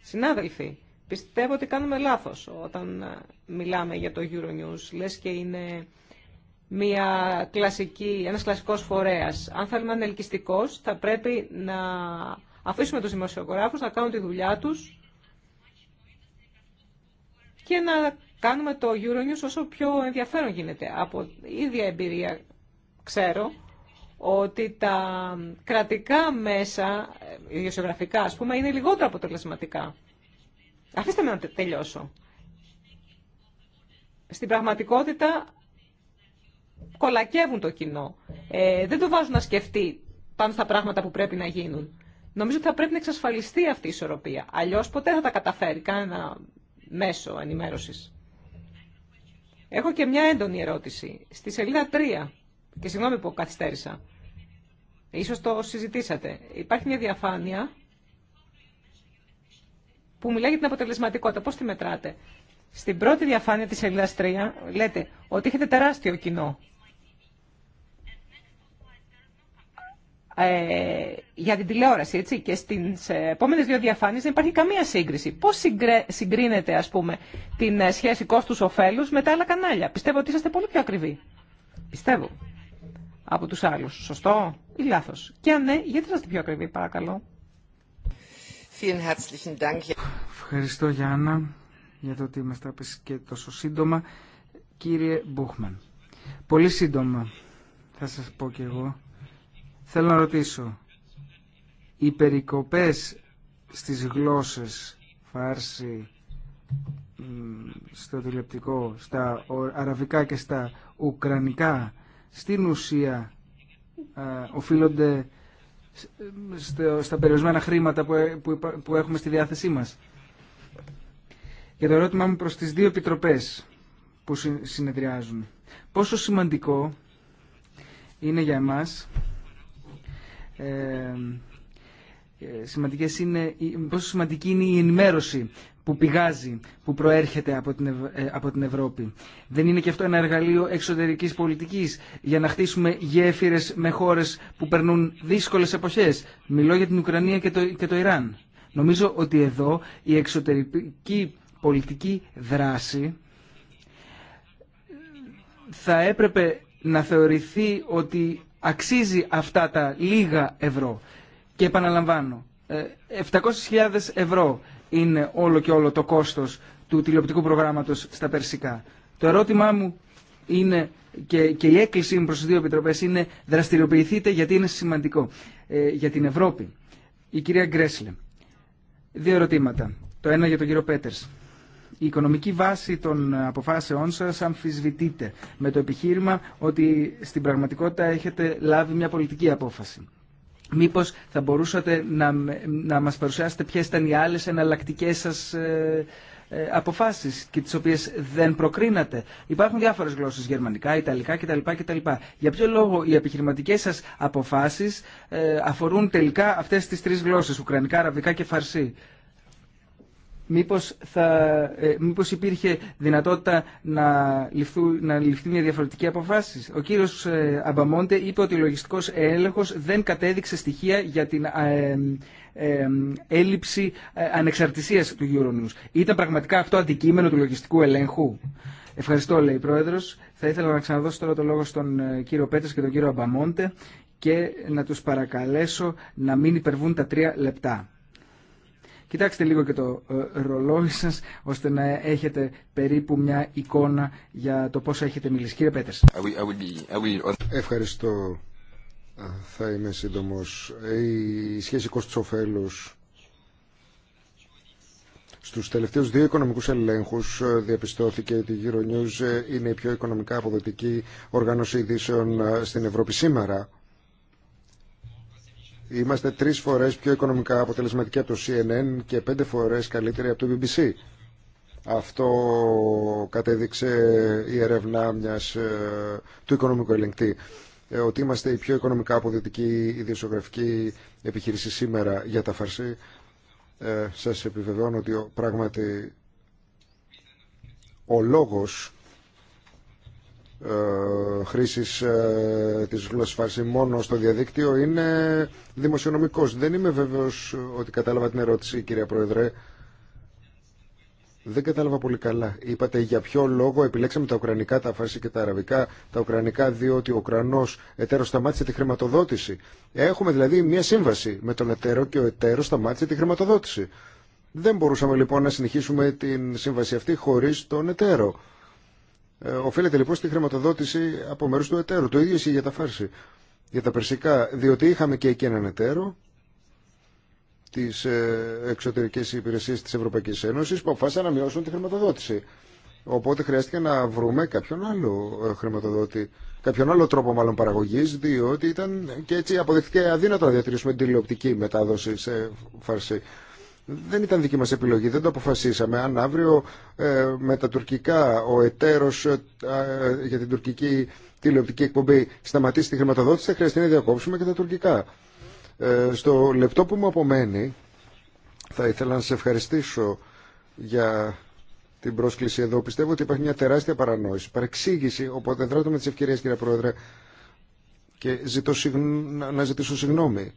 S3: Συνάδελφοι, πιστεύω ότι κάνουμε λάθος όταν ε, μιλάμε για το Euronews. Λες και είναι μια κλασική, ένας κλασικός φορέας. Αν θέλουμε να είναι θα πρέπει να αφήσουμε τους δημοσιογράφους να κάνουν τη δουλειά τους και να κάνουμε το Euronews όσο πιο ενδιαφέρον γίνεται. Από ίδια εμπειρία ξέρω ότι τα κρατικά μέσα, ιδιοσιογραφικά ας πούμε, είναι λιγότερο αποτελεσματικά. Αφήστε με να τελειώσω. Στην πραγματικότητα κολακεύουν το κοινό. Ε, δεν το βάζουν να σκεφτεί πάνω στα πράγματα που πρέπει να γίνουν. Νομίζω ότι θα πρέπει να εξασφαλιστεί αυτή η ισορροπία. Αλλιώ ποτέ θα τα καταφέρει κανένα μέσο ενημέρωση. Έχω και μια έντονη ερώτηση. Στη σελίδα 3 και συγγνώμη που καθυστέρησα. Ίσως το συζητήσατε. Υπάρχει μια διαφάνεια που μιλάει για την αποτελεσματικότητα. Πώς τη μετράτε. Στην πρώτη διαφάνεια της σελίδας 3 λέτε ότι έχετε τεράστιο κοινό. Ε, για την τηλεόραση, έτσι, και στις επόμενες δύο διαφάνειες δεν υπάρχει καμία σύγκριση. Πώς συγκρε... συγκρίνεται, ας πούμε, την ε, σχέση κόστους-οφέλους με τα άλλα κανάλια. Πιστεύω ότι είσαστε πολύ πιο ακριβοί. Πιστεύω από τους άλλους. Σωστό ή λάθος. Και αν ναι, γιατί είστε πιο ακριβή, παρακαλώ.
S1: Ευχαριστώ Γιάννα για το ότι μας τα και τόσο σύντομα. Κύριε Μπούχμαν, πολύ σύντομα θα σας πω κι εγώ. Θέλω να ρωτήσω, οι περικοπές στις γλώσσες φάρση, στο τηλεπτικό, στα αραβικά και στα ουκρανικά στην ουσία οφείλονται στα περιορισμένα χρήματα που έχουμε στη διάθεσή μας. Για το ερώτημά μου προς τις δύο επιτροπές που συνεδριάζουν. Πόσο σημαντικό είναι για εμάς ε, ε σημαντικές είναι, πόσο σημαντική είναι η ενημέρωση που πηγάζει, που προέρχεται από την, ε, από την Ευρώπη. Δεν είναι και αυτό ένα εργαλείο εξωτερικής πολιτικής για να χτίσουμε γέφυρες με χώρες που περνούν δύσκολες εποχές. Μιλώ για την Ουκρανία και το, και το Ιράν. Νομίζω ότι εδώ η εξωτερική πολιτική δράση θα έπρεπε να θεωρηθεί ότι αξίζει αυτά τα λίγα ευρώ. Και επαναλαμβάνω, 700.000 ε, ευρώ είναι όλο και όλο το κόστος του τηλεοπτικού προγράμματος στα περσικά. Το ερώτημά μου είναι και, και η έκκλησή μου προς τις δύο επιτροπές είναι δραστηριοποιηθείτε γιατί είναι σημαντικό ε, για την Ευρώπη. Η κυρία Γκρέσλε, δύο ερωτήματα. Το ένα για τον κύριο Πέτερς. Η οικονομική βάση των αποφάσεών σας αμφισβητείται με το επιχείρημα ότι στην πραγματικότητα έχετε λάβει μια πολιτική απόφαση. Μήπως θα μπορούσατε να, να μας παρουσιάσετε ποιες ήταν οι άλλες εναλλακτικές σας ε, ε, αποφάσεις και τις οποίες δεν προκρίνατε. Υπάρχουν διάφορες γλώσσες, γερμανικά, ιταλικά κτλ. κτλ. Για ποιο λόγο οι επιχειρηματικές σας αποφάσεις ε, αφορούν τελικά αυτές τις τρεις γλώσσες, ουκρανικά, αραβικά και φαρσί. Μήπως, θα, ε, μήπως υπήρχε δυνατότητα να, ληφθού, να ληφθεί μια διαφορετική αποφάση. Ο κύριος ε, Αμπαμόντε είπε ότι ο λογιστικός έλεγχος δεν κατέδειξε στοιχεία για την ε, ε έλλειψη ε, ανεξαρτησίας του Euronews. Ήταν πραγματικά αυτό αντικείμενο του λογιστικού ελέγχου. Ευχαριστώ, λέει η Πρόεδρος. Θα ήθελα να ξαναδώσω τώρα το λόγο στον κύριο Πέτρες και τον κύριο Αμπαμόντε και να τους παρακαλέσω να μην υπερβούν τα τρία λεπτά. Κοιτάξτε λίγο και το ε, ρολόι σας, ώστε να έχετε περίπου μια εικόνα για το πόσο έχετε μιλήσει. Κύριε Πέτερς.
S2: Ευχαριστώ. Θα είμαι σύντομος. Η σχέση κόστος ωφέλους στους τελευταίους δύο οικονομικούς ελέγχους ε, διαπιστώθηκε ότι η Euronews ε, είναι η πιο οικονομικά αποδοτική οργάνωση ειδήσεων στην Ευρώπη σήμερα Είμαστε τρεις φορές πιο οικονομικά αποτελεσματικοί από το CNN και πέντε φορές καλύτεροι από το BBC. Αυτό κατέδειξε η ερευνά μιας, ε, του οικονομικού ελεγκτή ε, ότι είμαστε η πιο οικονομικά αποδοτική ιδιοσιογραφική επιχείρηση σήμερα για τα φαρσί. Ε, σας επιβεβαιώνω ότι πράγματι ο λόγος ε, χρήσης ε, της γλώσσα φάρση μόνο στο διαδίκτυο είναι δημοσιονομικός. Δεν είμαι βέβαιος ότι κατάλαβα την ερώτηση, κυρία Πρόεδρε. Δεν κατάλαβα πολύ καλά. Είπατε για ποιο λόγο επιλέξαμε τα Ουκρανικά, τα φάση και τα Αραβικά. Τα Ουκρανικά διότι ο Ουκρανό εταίρο σταμάτησε τη χρηματοδότηση. Έχουμε δηλαδή μια σύμβαση με τον εταίρο και ο εταίρο σταμάτησε τη χρηματοδότηση. Δεν μπορούσαμε λοιπόν να συνεχίσουμε την σύμβαση αυτή χωρί τον εταίρο. Ε, οφείλεται λοιπόν στη χρηματοδότηση από μέρου του εταίρου. Το ίδιο ισχύει για τα φάρση. Για τα περσικά, διότι είχαμε και εκεί έναν εταίρο, τι ε, εξωτερικέ υπηρεσίε τη Ευρωπαϊκή Ένωση, που αποφάσισαν να μειώσουν τη χρηματοδότηση. Οπότε χρειάστηκε να βρούμε κάποιον άλλο ε, χρηματοδότη, κάποιον άλλο τρόπο μάλλον παραγωγή, διότι ήταν και έτσι αποδεχτήκε αδύνατο να διατηρήσουμε τηλεοπτική μετάδοση σε φάρση δεν ήταν δική μας επιλογή, δεν το αποφασίσαμε. Αν αύριο ε, με τα τουρκικά ο εταίρος ε, ε, για την τουρκική τηλεοπτική εκπομπή σταματήσει τη χρηματοδότηση, θα χρειαστεί να διακόψουμε και τα τουρκικά. στο λεπτό που μου απομένει, θα ήθελα να σε ευχαριστήσω για την πρόσκληση εδώ. Πιστεύω ότι υπάρχει μια τεράστια παρανόηση, παρεξήγηση, οπότε δράτω με τις ευκαιρίες κύριε Πρόεδρε και ζητώ να ζητήσω συγγνώμη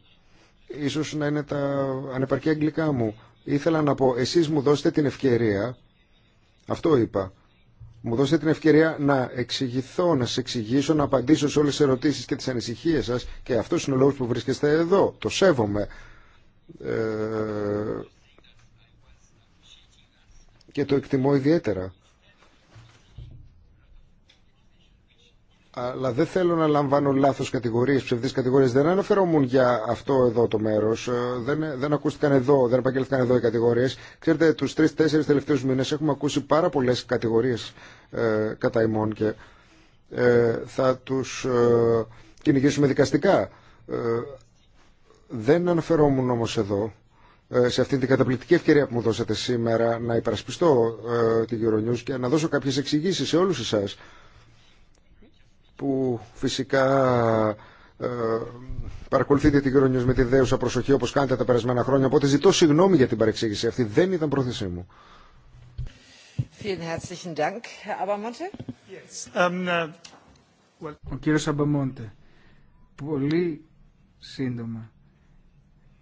S2: Ίσως να είναι τα ανεπαρκή αγγλικά μου. Ήθελα να πω, εσείς μου δώσετε την ευκαιρία, αυτό είπα, μου δώσετε την ευκαιρία να εξηγηθώ, να σε εξηγήσω, να απαντήσω σε όλες τις ερωτήσεις και τις ανησυχίες σας και αυτός είναι ο λόγος που βρίσκεστε εδώ. Το σέβομαι. Ε... και το εκτιμώ ιδιαίτερα. αλλά δεν θέλω να λαμβάνω λάθος κατηγορίες, ψευδείς κατηγορίες. Δεν αναφερόμουν για αυτό εδώ το μέρος. Ε, δεν, δεν ακούστηκαν εδώ, δεν επαγγελθήκαν εδώ οι κατηγορίες. Ξέρετε, τους τρεις-τέσσερις τελευταίους μήνες έχουμε ακούσει πάρα πολλές κατηγορίες ε, κατά ημών και ε, θα τους ε, κυνηγήσουμε δικαστικά. Ε, δεν αναφερόμουν όμως εδώ σε αυτή την καταπληκτική ευκαιρία που μου δώσατε σήμερα να υπερασπιστώ την Euronews και να δώσω κάποιες εξηγήσει σε όλους εσά που φυσικά ε, παρακολουθείτε την Κρόνιος με τη δέουσα προσοχή όπως κάνετε τα περασμένα χρόνια. Οπότε ζητώ συγγνώμη για την παρεξήγηση αυτή. Δεν ήταν πρόθεσή μου.
S1: Um, uh, Ο κύριος Αμπαμόντε, πολύ σύντομα.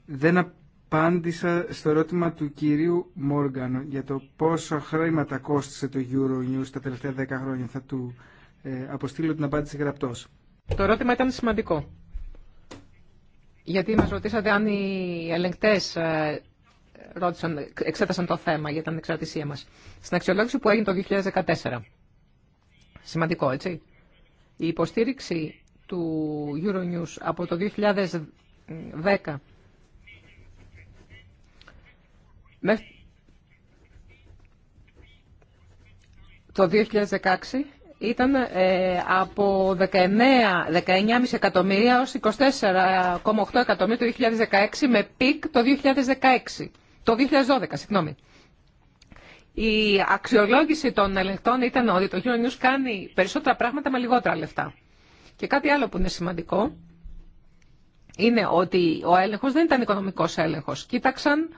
S1: Δεν απάντησα στο ερώτημα του κυρίου Μόργαν για το πόσα χρήματα κόστησε το Euronews τα τελευταία 10 χρόνια. Θα του ε, αποστείλω την απάντηση γραπτός.
S3: Το ερώτημα ήταν σημαντικό. Γιατί μας ρωτήσατε αν οι ελεγκτές ε, ρώτησαν, εξέτασαν το θέμα για την εξαρτησία μας. Στην αξιολόγηση που έγινε το 2014. Σημαντικό, έτσι. Η υποστήριξη του Euronews από το 2010 μέχρι το 2016 ήταν ε, από 19,5 εκατομμύρια ως 24,8 εκατομμύρια το 2016 με πικ το 2016, το 2012, συγγνώμη. Η αξιολόγηση των ελεγχτών ήταν ότι το Euronews κάνει περισσότερα πράγματα με λιγότερα λεφτά. Και κάτι άλλο που είναι σημαντικό είναι ότι ο έλεγχος δεν ήταν οικονομικός έλεγχος. Κοίταξαν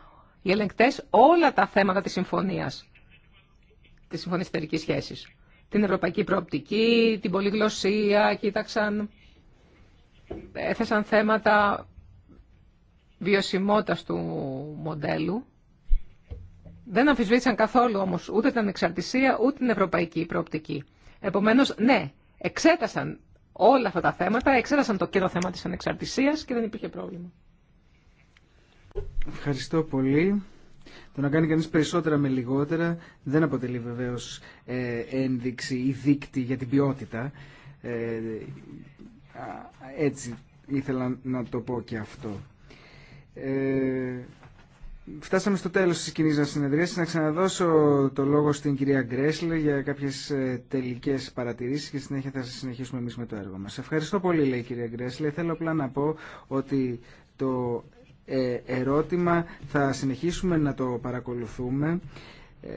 S3: οι ελεγκτές όλα τα θέματα της συμφωνίας, της συμφωνιστερικής σχέσης την ευρωπαϊκή προοπτική, την πολυγλωσία, κοίταξαν, έθεσαν θέματα βιωσιμότητας του μοντέλου. Δεν αμφισβήτησαν καθόλου όμως ούτε την ανεξαρτησία ούτε την ευρωπαϊκή προοπτική. Επομένως, ναι, εξέτασαν όλα αυτά τα θέματα, εξέτασαν το κύριο θέμα της ανεξαρτησίας και δεν υπήρχε πρόβλημα.
S1: Ευχαριστώ πολύ. Το να κάνει κανείς περισσότερα με λιγότερα δεν αποτελεί βεβαίως ε, ένδειξη ή δείκτη για την ποιότητα. Ε, έτσι ήθελα να το πω και αυτό. Ε, φτάσαμε στο τέλος της κοινής μας συνεδρίας. Να ξαναδώσω το λόγο στην κυρία Γκρέσλε για κάποιες τελικές παρατηρήσεις και συνέχεια θα συνεχίσουμε εμείς με το έργο μας. Ευχαριστώ πολύ, λέει η κυρία Γκρέσλε. Θέλω απλά να πω ότι το ε, ερώτημα θα συνεχίσουμε να το παρακολουθούμε ε,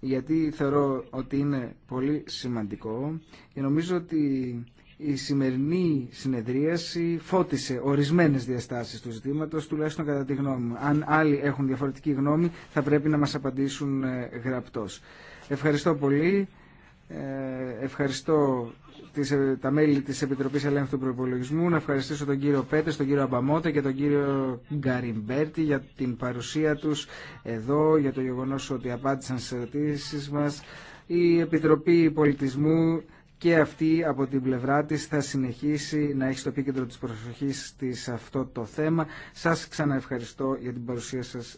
S1: γιατί θεωρώ ότι είναι πολύ σημαντικό και νομίζω ότι η σημερινή συνεδρίαση φώτισε ορισμένες διαστάσεις του ζητήματος, τουλάχιστον κατά τη γνώμη μου. Αν άλλοι έχουν διαφορετική γνώμη, θα πρέπει να μας απαντήσουν ε, γραπτός. Ευχαριστώ πολύ. Ευχαριστώ ε, τα μέλη της Επιτροπής Ελέγχου του Προπολογισμού, να ευχαριστήσω τον κύριο Πέτε, τον κύριο Αμπαμότε και τον κύριο Γκαριμπέρτη για την παρουσία τους εδώ, για το γεγονός ότι απάντησαν στις ερωτήσει μας. Η Επιτροπή Πολιτισμού και αυτή από την πλευρά της θα συνεχίσει να έχει στο επίκεντρο της προσοχής της αυτό το θέμα. Σας ξαναευχαριστώ για την παρουσία σας.